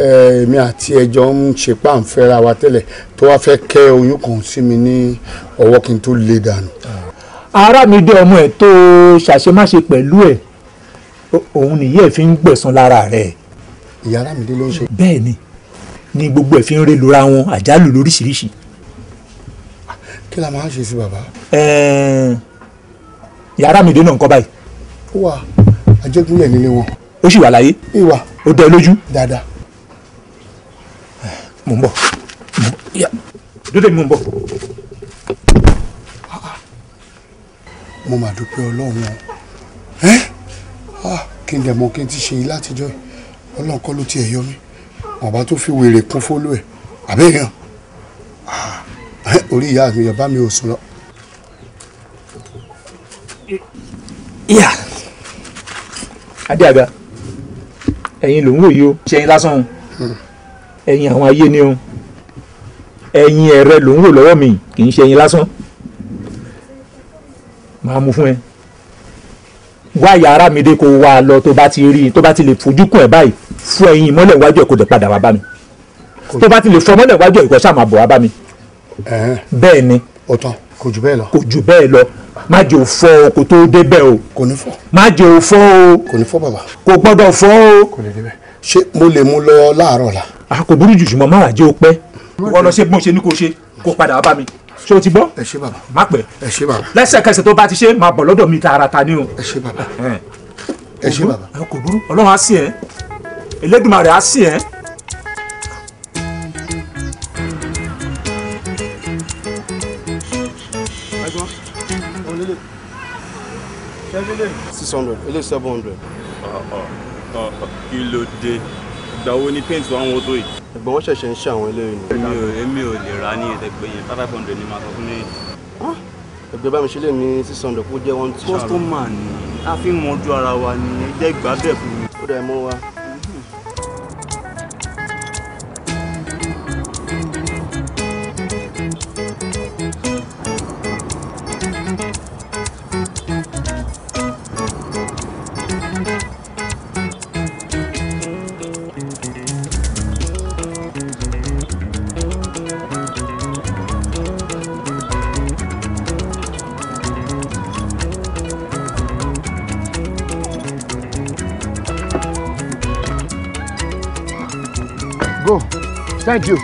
èmi àti ẹjọ́ ń ṣe páǹfẹ́ra wa tẹ́lẹ̀ tó wá fẹ́ kẹ́ oyún kan sí mi ní ọwọ́ kí n tó lè dànù. Arámidé ọmọ ẹ̀ tó ṣàṣemáṣe pẹ̀lú ẹ̀ òun nìyí ẹ̀ fi ń gbẹ̀san lára rẹ̀. ìyá Arámidé ló ń ṣe. bẹ́ẹ̀ ni gbogbo ẹ̀ fi ń re lura wọn àjálù lóríṣiríṣi. kí la máa ń ṣe sí bàbá. yàrá mi dènà nǹkan báyìí. ó wà àjẹgúnlẹ̀ nílé wọn. ó sì wà láyé. ìwà ó dá ẹ lójú. dáadáa. mò ń bọ̀ dúdú mi mò ń bọ̀. Ah, ah. mo mà dúpẹ́ ọlọ́run ọ ah, kí n dẹ̀ mọ kí n ti ṣe yìí látijọ́ ọlọ́run kọ́ ló tiẹ̀ yọ mí wọn bá tó fi wèrè kún fólú ẹ̀ àbẹ́yàn ah, eh, orí ìyá mi yọba mi ò sùn lọ. ìyá adéàgbà ẹ̀yin lòún wòye o ṣẹ́yìn lásán hmm. ẹ̀yin àwọn ayé ni o ẹ̀yin ẹ̀rẹ́ lòún wò lọ́wọ́ mi kì í ṣẹ́yìn lásán màá mú fún ẹ wá yàrá mi dé kó wá lọ tó bá ti rí tó bá ti lè fojú kún ẹ báyìí fọ ẹyin mọ́lẹ̀ níwájú ẹ̀ kó dẹ̀ padà wá bá mi tó bá ti lè fọ mọ́lẹ̀ níwájú ẹ̀ kó ṣáà máa bọ̀ wá bá mi. bẹ́ẹ̀ ni kò jù bẹ́ẹ̀ lọ má jẹ́ òfò o kò tó débẹ̀ o kò ní fọ má jẹ́ òfò o kò ní fọ kò gbọ́dọ̀ fọ o kò lè débẹ̀ ṣé mo lè mú lọ láàárọ̀ la. a kò burú jù ṣùgbọ́n má wàá jẹ́ o pẹ́ wọ́n lọ ṣe bí ṣe ní kó ṣe kó padà wá bá mi ṣé o ti gbọ́. ẹ ṣé bàbá má pẹ́ ẹ ṣé bàbá lẹ́sẹ̀kẹsẹ̀ tó bá ti ṣe máa bọ̀ lọ́dọ̀ mi tààràtà ni o. ẹ ṣé bàbá ẹ ṣé bàbá kò burú ọlọ́run á sí ẹ. Elédùmarè á sìn ẹ́. six hundred ele seven hundred. kí ló dé ìgbà wo ni paint wa ń wo tó yìí. ẹ̀gbọ́n wọn ṣẹ̀ṣẹ̀ ń ṣe àwọn eléyìí ni. èmi ò èmi ò lè rà á ní ẹ̀ẹ́dẹ́gbẹ́ yẹn five hundred ni màá sọ fún méjì. ẹgbẹ́ bá mi ṣe lè ní six hundred kó jẹ́ one two. kọ́sítọ́mà ni a fi ń mọjú ara wa ni ẹ jẹ́ ìgbà bẹ́ẹ̀ fún mi. ó dà ẹ mú wa. Thank you. ẹ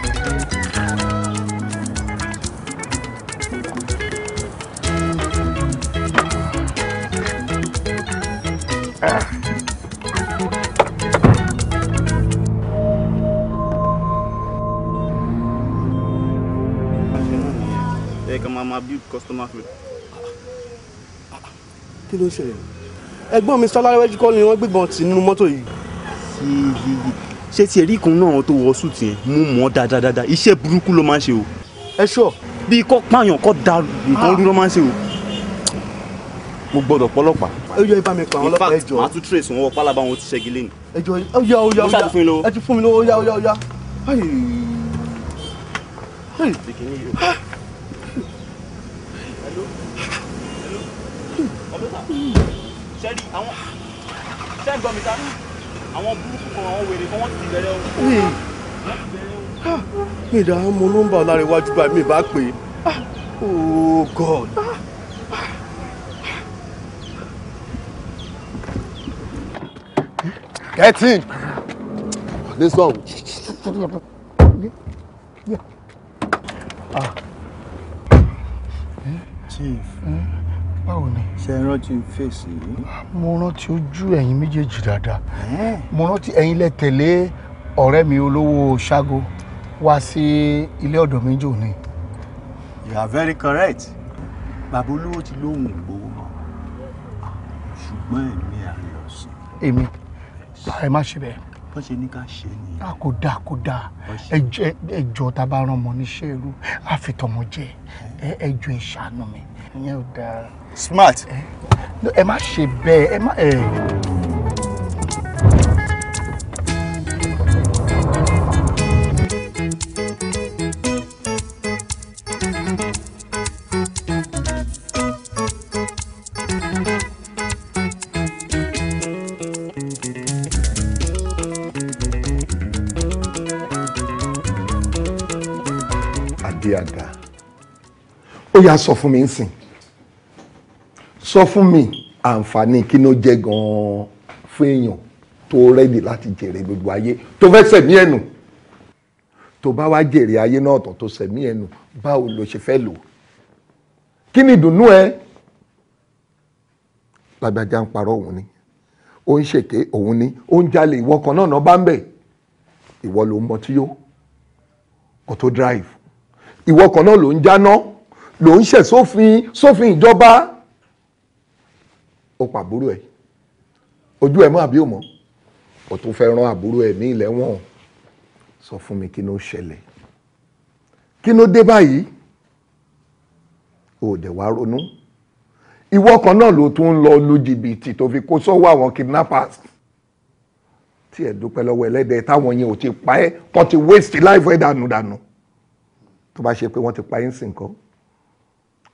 kàn máa máa build customer flow. kí ló ń ṣẹlẹ̀ ẹ̀gbọ́n mi sọlá rẹ́jú kọ́ ni wọ́n gbébọn tì nínú mọ́tò yìí ṣé tiẹ̀ rí kan náà tó wọ sùtì yẹn mú mọ́ dáadáa iṣẹ́ burúkú ló máa ń ṣe o ẹ ṣọ bí kò pààyàn kò da nǹkan ah. rú ló máa ń ṣe o mo gbọ́dọ̀ pọlọpàá. ẹ jọ ibà mi pa àwọn ọlọ́pàá ẹ jọ. màá tún trace wọn pálábá wọn ti ṣẹgi lẹ́nu. ẹ jọ ó yá ó yá ó yá ẹ ti fún mi lówó ó yá ó yá ó yá. sẹ́ẹ̀dì mi ta àwọn burúkú kan àwọn wèrè kan wọ́n ti bẹ̀rẹ̀ o. mi ìdá mo nọ́mbà ọ̀làríwájú bá mi bá pè oh god. get in this one. Yeah. ah. chief. Mm? báwo ni. ṣe é rántí fèsì mo rántí ojú ẹ̀yin méjèèjì dáadáa mo rántí ẹ̀yin lẹ tẹ̀lé mi olówó ṣágo wá sí ilé ọ̀dọ̀ mi jò you are very correct bàbá olówó ti lóhùn gbowó náà ṣùgbọ́n èmi àríyànṣe. èmi ẹ má ṣe bẹ́ẹ̀ bó ṣe ní ká ṣe nìyẹn. a kò dáa kò dáa ẹjọ́ tá a bá rán ọmọ níṣẹ́ irú àfitọmọ jẹ ẹjọ́ ìṣàánú mi ìyẹn ò smart eh? ẹ má ṣe bẹ́ẹ̀ ẹ má. ó yá sọ fún mi ń sọ fún mi àǹfààní kí ló jẹ́ gan-an fún èèyàn tó rẹ́dì láti jèrè gbogbo ayé tó fẹ́ sẹ̀mí ẹ̀nù tó bá wá jèrè ayé náà tó tó sẹ̀mí ẹ̀nù báwo ló ṣe fẹ́ lò kí ni ìdùnnú ẹ lágbájá ń parọ́ òun ni ó ń ṣèké òun ni ó ń jalè ìwọ kan náà bá ń bẹ̀ ìwọ ló ń mọtí yó kó tó drive ìwọ kan náà ló ń jáná ló ń ṣẹ̀ sófin sófin ìjọba ó pa àbúrò ẹ̀ ojú ẹ̀ mọ́ àbí òmọ́ ó tún fẹ́ rán àbúrò ẹ̀ ní ilẹ̀ wọn sọ fún mi kí ló ṣẹlẹ̀ kí ló dé báyìí ó dẹ̀ wá ronú ìwọ kan náà ló tún ń lọ lu jìbìtì tó fi kó sọ́wọ́ àwọn kidnappers tí ẹ dúpẹ́ lọ́wọ́ ẹlẹ́dẹ̀ẹ́ táwọn yẹn ò ti pa ẹ́ kọ́ ti waste life ẹ̀ dànù dànù tó bá ṣe pé wọ́n ti pa ẹ́ ń sìn kọ́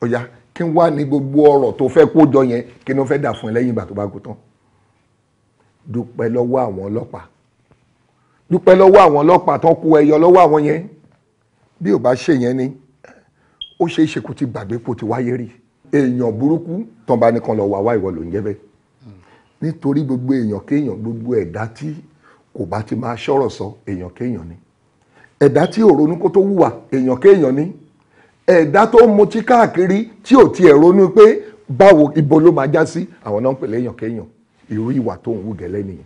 ó yá kí n wá ní gbogbo ọ̀rọ̀ tó fẹ́ kó jọ yẹn kí ni wọ́n fẹ́ dà fún ẹ lẹ́yìn ìgbà tó bá kú tán dúpẹ́ lọ́wọ́ àwọn ọlọ́pàá dúpẹ́ lọ́wọ́ àwọn ọlọ́pàá tán kó ẹyọ lọ́wọ́ àwọn yẹn bí ò bá ṣe yẹn ni ó ṣe é ṣe kó ti gbàgbé kó ti wáyé rí èèyàn burúkú tán bá nìkan lọ wà wá ìwọ ló ń jẹ́ bẹ́ẹ̀ nítorí gbogbo èèyàn kéèyàn gbogbo ẹ̀dá tí kò bá ti máa ṣọ̀rọ̀ sọ èèyàn kéèyàn ni ẹ̀dá tí ò kó tó wùwà èèyàn kéèyàn ni ẹ̀dá tó ń mutí káàkiri tí ò tiẹ̀ ronú pé báwo ibo ló máa já sí àwọn náà ń pèlè èèyàn kéèyàn irú ìwà tó ń wù gẹ́lẹ́ nìyẹn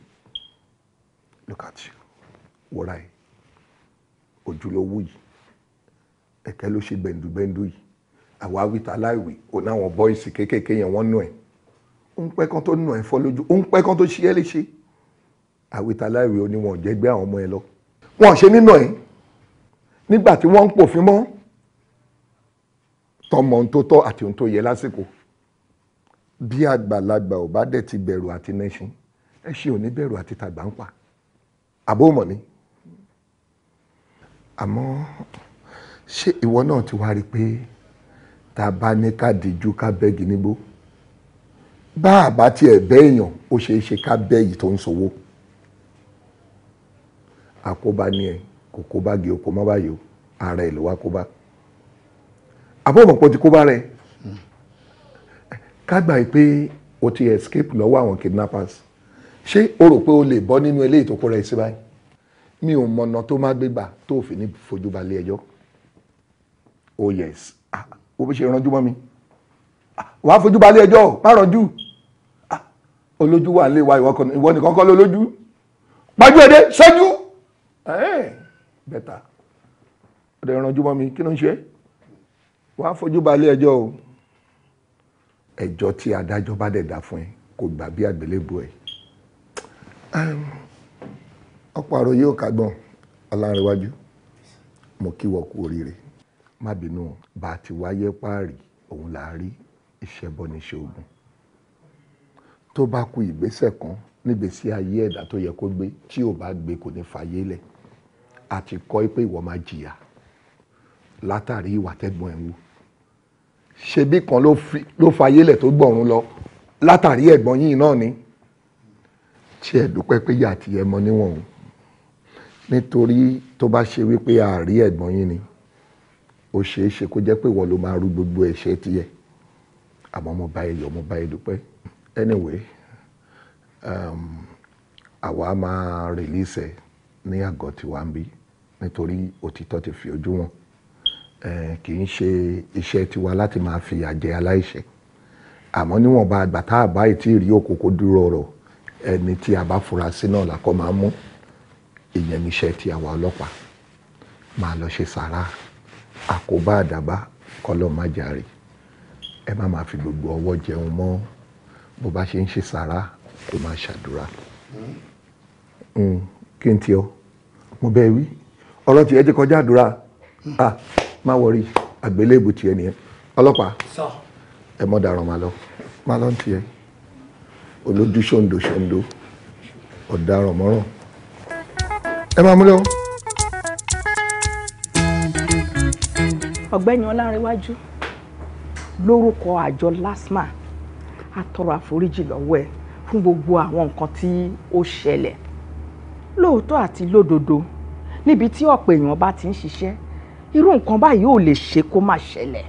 look at you wòrà ẹ̀ ojúlówó yìí ẹ̀kẹ́ ló ṣe bẹ̀ndùbẹ̀ndù yìí àwa wíta láìwé ò náwọn bọ́ìsì kéékèèké yẹn wọ́n nù ẹ̀ ó ń pẹ́ kan tó nù ẹ̀ fọ́ lójú ó ń pẹ́ kan tó ṣí ẹ́ léṣe àwíta láìwé oníwọ̀n jẹ́gbẹ́ àwọn ọmọ ẹ lọ wọn ò ṣe nínú ẹ̀ nígbà tí wọ́n ń pòfin mọ́ tọmọ ohun tó tọ́ àti ohun tó yẹ lásìkò bí àgbàlagbà ò bá dẹ̀ ti bẹ̀rù àti nẹ́sìn ẹ ṣe ò ní bẹ̀rù àti tàgbà ń pa àbó mọ̀ mi àmọ́ ṣé ìwọ náà ti wá rí i pé tá a bá ní ká díjú ká bẹ́gi nígbó bá a bá tiẹ̀ bẹ́ èèyàn ó ṣeé ṣe ká bẹ́ tó ń sowó àkóbá ni ẹ kò kóbá gé o kò má báyìí o ara ẹ̀ ló wá kóbá àbọ̀mọ̀pọ̀ ti kó bá rẹ̀ ká gbà pé o ti escape lọ́wọ́ àwọn kidnappers ṣé o rò pé o lè bọ́ nínú eléyìí tó kó rẹ̀ sí báyìí mi ò mọ̀nà tó má gbégbà tó fi ní fojú balẹ̀ ẹjọ́ oh yes ah o bí ṣe ranjú mọ́ mi ah, wàá fojú balẹ̀ ẹjọ́ má ranjú ah, olójú wà lè wa ìwọ nìkan kọ́ lójú pàjù èdè ṣẹ́jú eh, bẹ́tà ọ̀dẹ̀ ranjú mọ́ mi kí ló ń ṣe é wàá fojú balẹ̀ ẹjọ́ o ẹjọ́ tí adájọ́ bá dẹ̀ dá fún ẹ kò gbà bí àgbélébùú ẹ ọ̀pọ̀ àrò yóò kágbọ́n ọlárẹ̀wájú mo kí wọ́n kú oríire má bínú bá a ti wáyé páàrí òun là á rí iṣẹ́ bọ́ ní ṣoògùn tó bá ku ìgbésẹ̀ kan nígbèsí ayé ẹ̀dá tó yẹ kó gbé tí ò bá gbé kò ní fàyè lẹ̀ àti kọ́ pé ìwọ máa jìyà látàrí ìwà tẹ́gbọ́n ẹ̀ ń wò ṣebí kan ló fayélẹ̀ tó gbọ̀run lọ látàrí ẹ̀gbọ́n yìí náà ni tí ẹ dúpẹ́ pé yà tí ẹ mọ níwọ̀n o nítorí tó bá ṣe wípé àárí ẹ̀gbọ́n yìí ni ó ṣeé ṣe kó jẹ́ pé ìwọ ló máa rú gbogbo ẹ̀ṣẹ̀ tiẹ̀ àmọ́ mo bá ẹ mo bá ẹ dúpẹ́ anyway um, àwa máa release ẹ ní àgọ́ tiwa ń bí nítorí òtítọ́ ti fi ojú wọn kì í ṣe iṣẹ́ tiwa láti máa fi àjẹ aláìṣẹ̀ àmọ́ níwọ̀nba àgbà tá a bá ìtí rí òkòkò dúró ọ̀rọ̀ ẹni tí a bá fura sí náà làkọ́ máa mú ìyẹn níṣẹ́ ti àwa ọlọ́pàá máa lọ ṣe sàrà àkóbá àdàbá kọ́lọ́ má jàre ẹ má máa fi gbogbo ọwọ́ jẹun mọ́ bó bá ṣe ń ṣe sàrà tó máa ṣàdúrà hmm, kí n tiọ́ mo bẹ́ẹ̀ wí ọ̀rọ̀ tiẹ̀ ti kọjá àdúrà. Ah má wọrí àgbélébù tiẹ̀ nìyẹn ọlọ́pàá ẹ mọ́ daràn má lọ má lọ tiẹ̀ olójú ṣondo ṣondo ọ̀daràn mọ́ràn ẹ máa mú lọ. ọ̀gbẹ́ni ọlárẹ̀wájú lórúkọ àjọ LASTMA a tọrọ àforíjì lọ́wọ́ ẹ fún gbogbo àwọn nǹkan tí ó ṣẹlẹ̀ lóòótọ́ àti lódodo níbi tí ọ̀pọ̀ èèyàn bá ti ń ṣiṣẹ́ irú nǹkan báyìí ò lè ṣe kó má ṣẹlẹ̀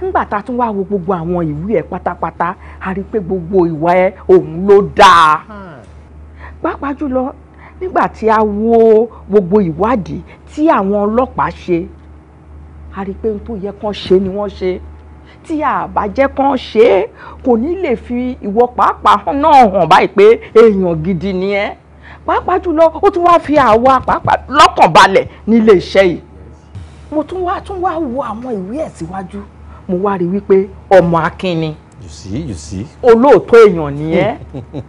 nígbà tá a tún wáá wo gbogbo àwọn ìwé ẹ pátápátá a rí i pé gbogbo ìwà ẹ òun ló dáa pàápàá jùlọ nígbà tí a wo gbogbo ìwádìí tí àwọn ọlọ́pàá ṣe a rí i pé tó yẹ kán ṣe ni wọ́n ṣe tí àbájẹ́ kan ṣe é kò ní lè fi ìwọ pàápàá náà hàn báyìí pé èèyàn gidi ni ẹ pàápàá jùlọ ó tún wáá fi àwa pàápàá lọ́kàn balẹ̀ nílé iṣẹ́ yìí mo tún wá tún wá wo àwọn ìwé ẹ̀ síwájú mo wá rí wípé ọmọ akin ni you see you see olóòótọ́ èèyàn nìyẹn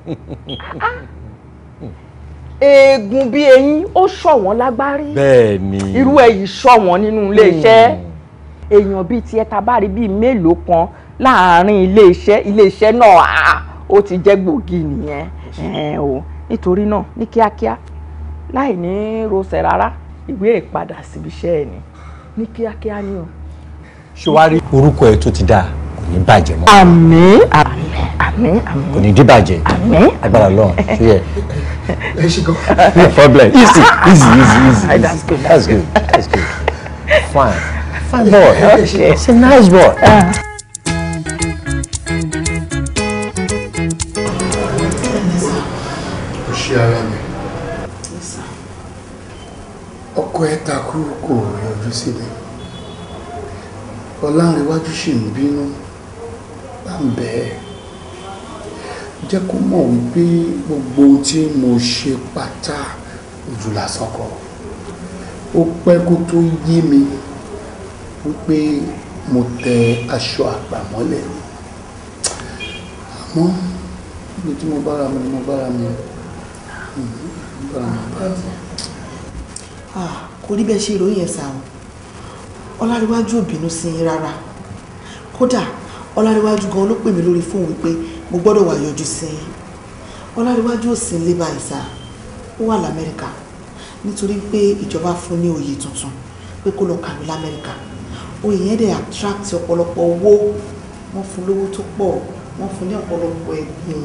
ah! eegun bíi eyín ó ṣọ̀wọ́n lágbárí bẹ́ẹ̀ ni irú èyí ṣọ̀wọ́n nínú iléeṣẹ́ hmm. èèyàn bíi tiẹ̀ ta bá rí bíi mélòó kan láàárín iléeṣẹ́ iléeṣẹ́ náà ah, ó ti jẹ́ gbòógì nìyẹn nítorí náà ní kíákíá láì ní rosẹ̀ rárá ìwé ìpadà síbi iṣẹ́ ẹ̀ ni ní kíákíá ni o. ṣùwárí orúkọ ẹ tó ti dáa kò ní bàjẹ́ mọ́. àmín àmín àmín kò ní dí bàjẹ́ àmín agbára lọ́run ṣé yẹ. ẹ ṣe gan. no problem easy easy easy easy. that's good that's good that's good fine fine boy it's a nice boy. Uh. ṣe ara mi ọkọ ẹ takú kò yọjú sílẹ̀ ọlárẹ̀wájú sì ń bínú bá ń bẹ̀ ẹ́ jẹ́ kó mọ̀ wípé gbogbo tí mo ṣe pátá ojú lásán kọ́ ó pẹ́ kó tó yé mi wípé mo tẹ aṣọ àpàmọ́lẹ̀ mi àmọ́ ibi tí mo bára mi ni mo bára mi hmm, bára mi bára mi kò rí bẹ́ẹ̀ ṣe ìròyìn ẹ̀sà o ọláríwájú ò bínú sí i rárá kódà ọláríwájú gan ló pè mí lórí fóun wípé mo gbọ́dọ̀ wà yọjú sí i ọláríwájú ò sí nílé báyìí sá ó wà lamẹ́ríkà nítorí pé ìjọba fún ní oyè tuntun pé kó lọ kàwé lamẹ́ríkà oyè yẹn dẹ̀ attract ọ̀pọ̀lọpọ̀ owó wọ́n fún lówó tó pọ̀ wọ́n fún ní ọ̀pọ̀lọpọ̀ ẹ̀gbìn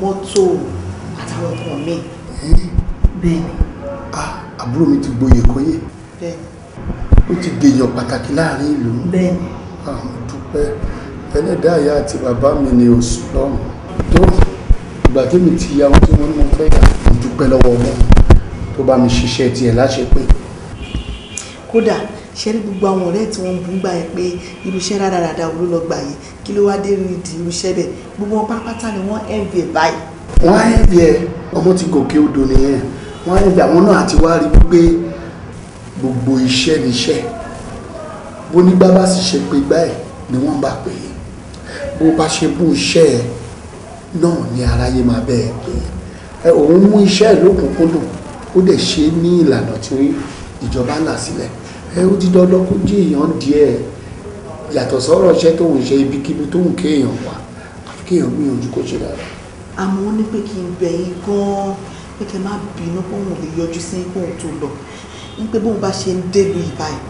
mọ́tò àtàwọn nǹkan míì bẹ́ẹ̀ ni ah àbúrò mi ti gboyè kóyè ó ti dèèyàn pàtàkì láàrin ìlú àwọn ah, dúpẹ́ ẹlẹ́dàá ìyá àti bàbá mi ni oṣù lọ́rùn tó ìgbà tèmi ti ya ohun tí wọ́n mú fẹ́ yà mo dúpẹ́ lọ́wọ́ wọn tó bá mi ṣiṣẹ́ tiẹ̀ láṣepé. kódà ṣe rí gbogbo àwọn ọ̀rẹ́ tí wọ́n ń bú gbà yẹn pé irúṣẹ́ rádaràda wo ló lọ gbà yẹn kí ló wá dé rí di irúṣẹ́ bẹ̀ gbogbo wọn pátápátá ni wọ́n ẹ̀ ń bẹ̀ báyìí. wọ́n á ẹ̀ bẹ̀ ọmọ ti gòkè odò nìyẹn wọ́n á yẹ àwọn náà àti wá rí wípé gbogbo iṣẹ́ níṣẹ́ bó nígbà bá sì ṣe pé báyìí ni wọ́n bá pè é bó bá ṣe bú iṣẹ́ ẹ̀ náà ni aráyé máa bẹ́ẹ̀ pé ẹ òun mú iṣẹ́ lókùnkúndùn ó dẹ̀ ṣe ní ìlànà tí ìjọba là sílẹ̀ ẹ ó ti dandan kó jí èèyàn díẹ̀ yàtọ̀ sọ́rọ̀ iṣẹ́ tóun ṣe ibikíbi tóun kéèyàn wà kéèyàn gbìyànjú kó ṣe dára. àmọ́ ní pé kí n bẹ̀ gan-an pé kẹ́ má bínú pé òun lè yọjú sí kóun tó lọ ń pé bóun bá ṣe ń délu ìbáyìí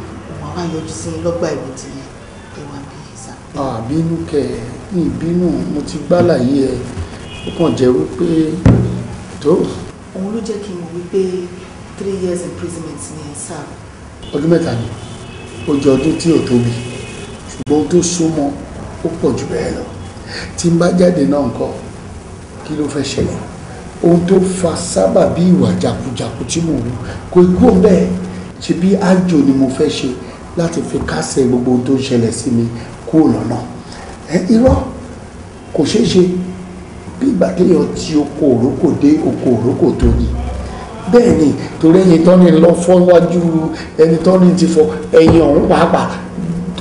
òun àwa yọjú sí lọ́gbà ìwé ti ẹwà bí sá. àbínú kẹ ní ìbínú mo ti gbálàyé ẹ ó kàn jẹ́ wípé tó. òun ló jẹ́ kí n mọ̀ wípé three years imprisonment ni ẹ sá. ọdún mẹ́ta ni ó jẹ́ ọdún tí ò tóbi ṣùgbọ́n ohun tó súnmọ́ ó pọ̀ jù bẹ́ẹ̀ lọ tí n bá jáde náà ń kọ́ kí ló fẹ́ ṣẹlẹ̀ ohun tó fa sábàbí ìwà jàkújàkú tí mò ń wù kò ikú bẹ́ẹ̀ ṣe bí àjò ni mo fẹ́ ṣe láti fi kásẹ̀ gbogbo ohun tó ń ṣẹlẹ̀ sí mi kúrò lọ́nà ẹ irọ́ kò ṣeé ṣe bí ìgbà téèyàn ti oko òrókò dé oko òrókò tó ni bẹ́ẹ̀ ni torí ẹyin tọ́ni lọ fọ́wájú ẹni tọ́ni ti fọ ẹyin ọ̀hún pàápàá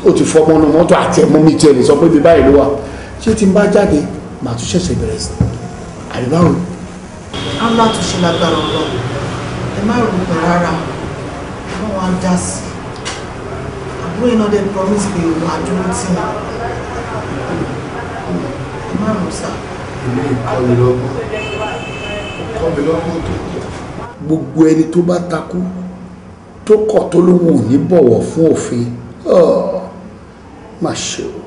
ó ti fọ́ mọ́nú mọ́tò àti ẹ̀mú mi tiẹ̀ lè sọ pé bí báyìí ló ṣé tí n bá jáde màá tún ṣẹ̀ṣẹ̀ bẹ̀rẹ̀ sí àríwá òun alátúnṣe lágbára ọlọ́run ẹ má rò pẹ̀ rárá wọ́n wá dá sí àbúrò iná dé promise pé òun àdúró tì mí ẹ má rò sá. ilé ìkọlù lọ́gbọ́n kọ́mi lọ́gbọ́n tó kọ́. gbogbo ẹni tó bá takú tó kọ̀ tó lóhùn ò ní bọ̀wọ̀ fún òfin má ṣe o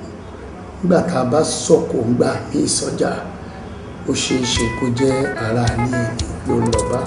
nígbà tá a bá sọ̀kò ń gbà ní ìsọjà. So ó ṣeé ṣe kó jẹ́ ara ní ìlú ló ń lọ bá.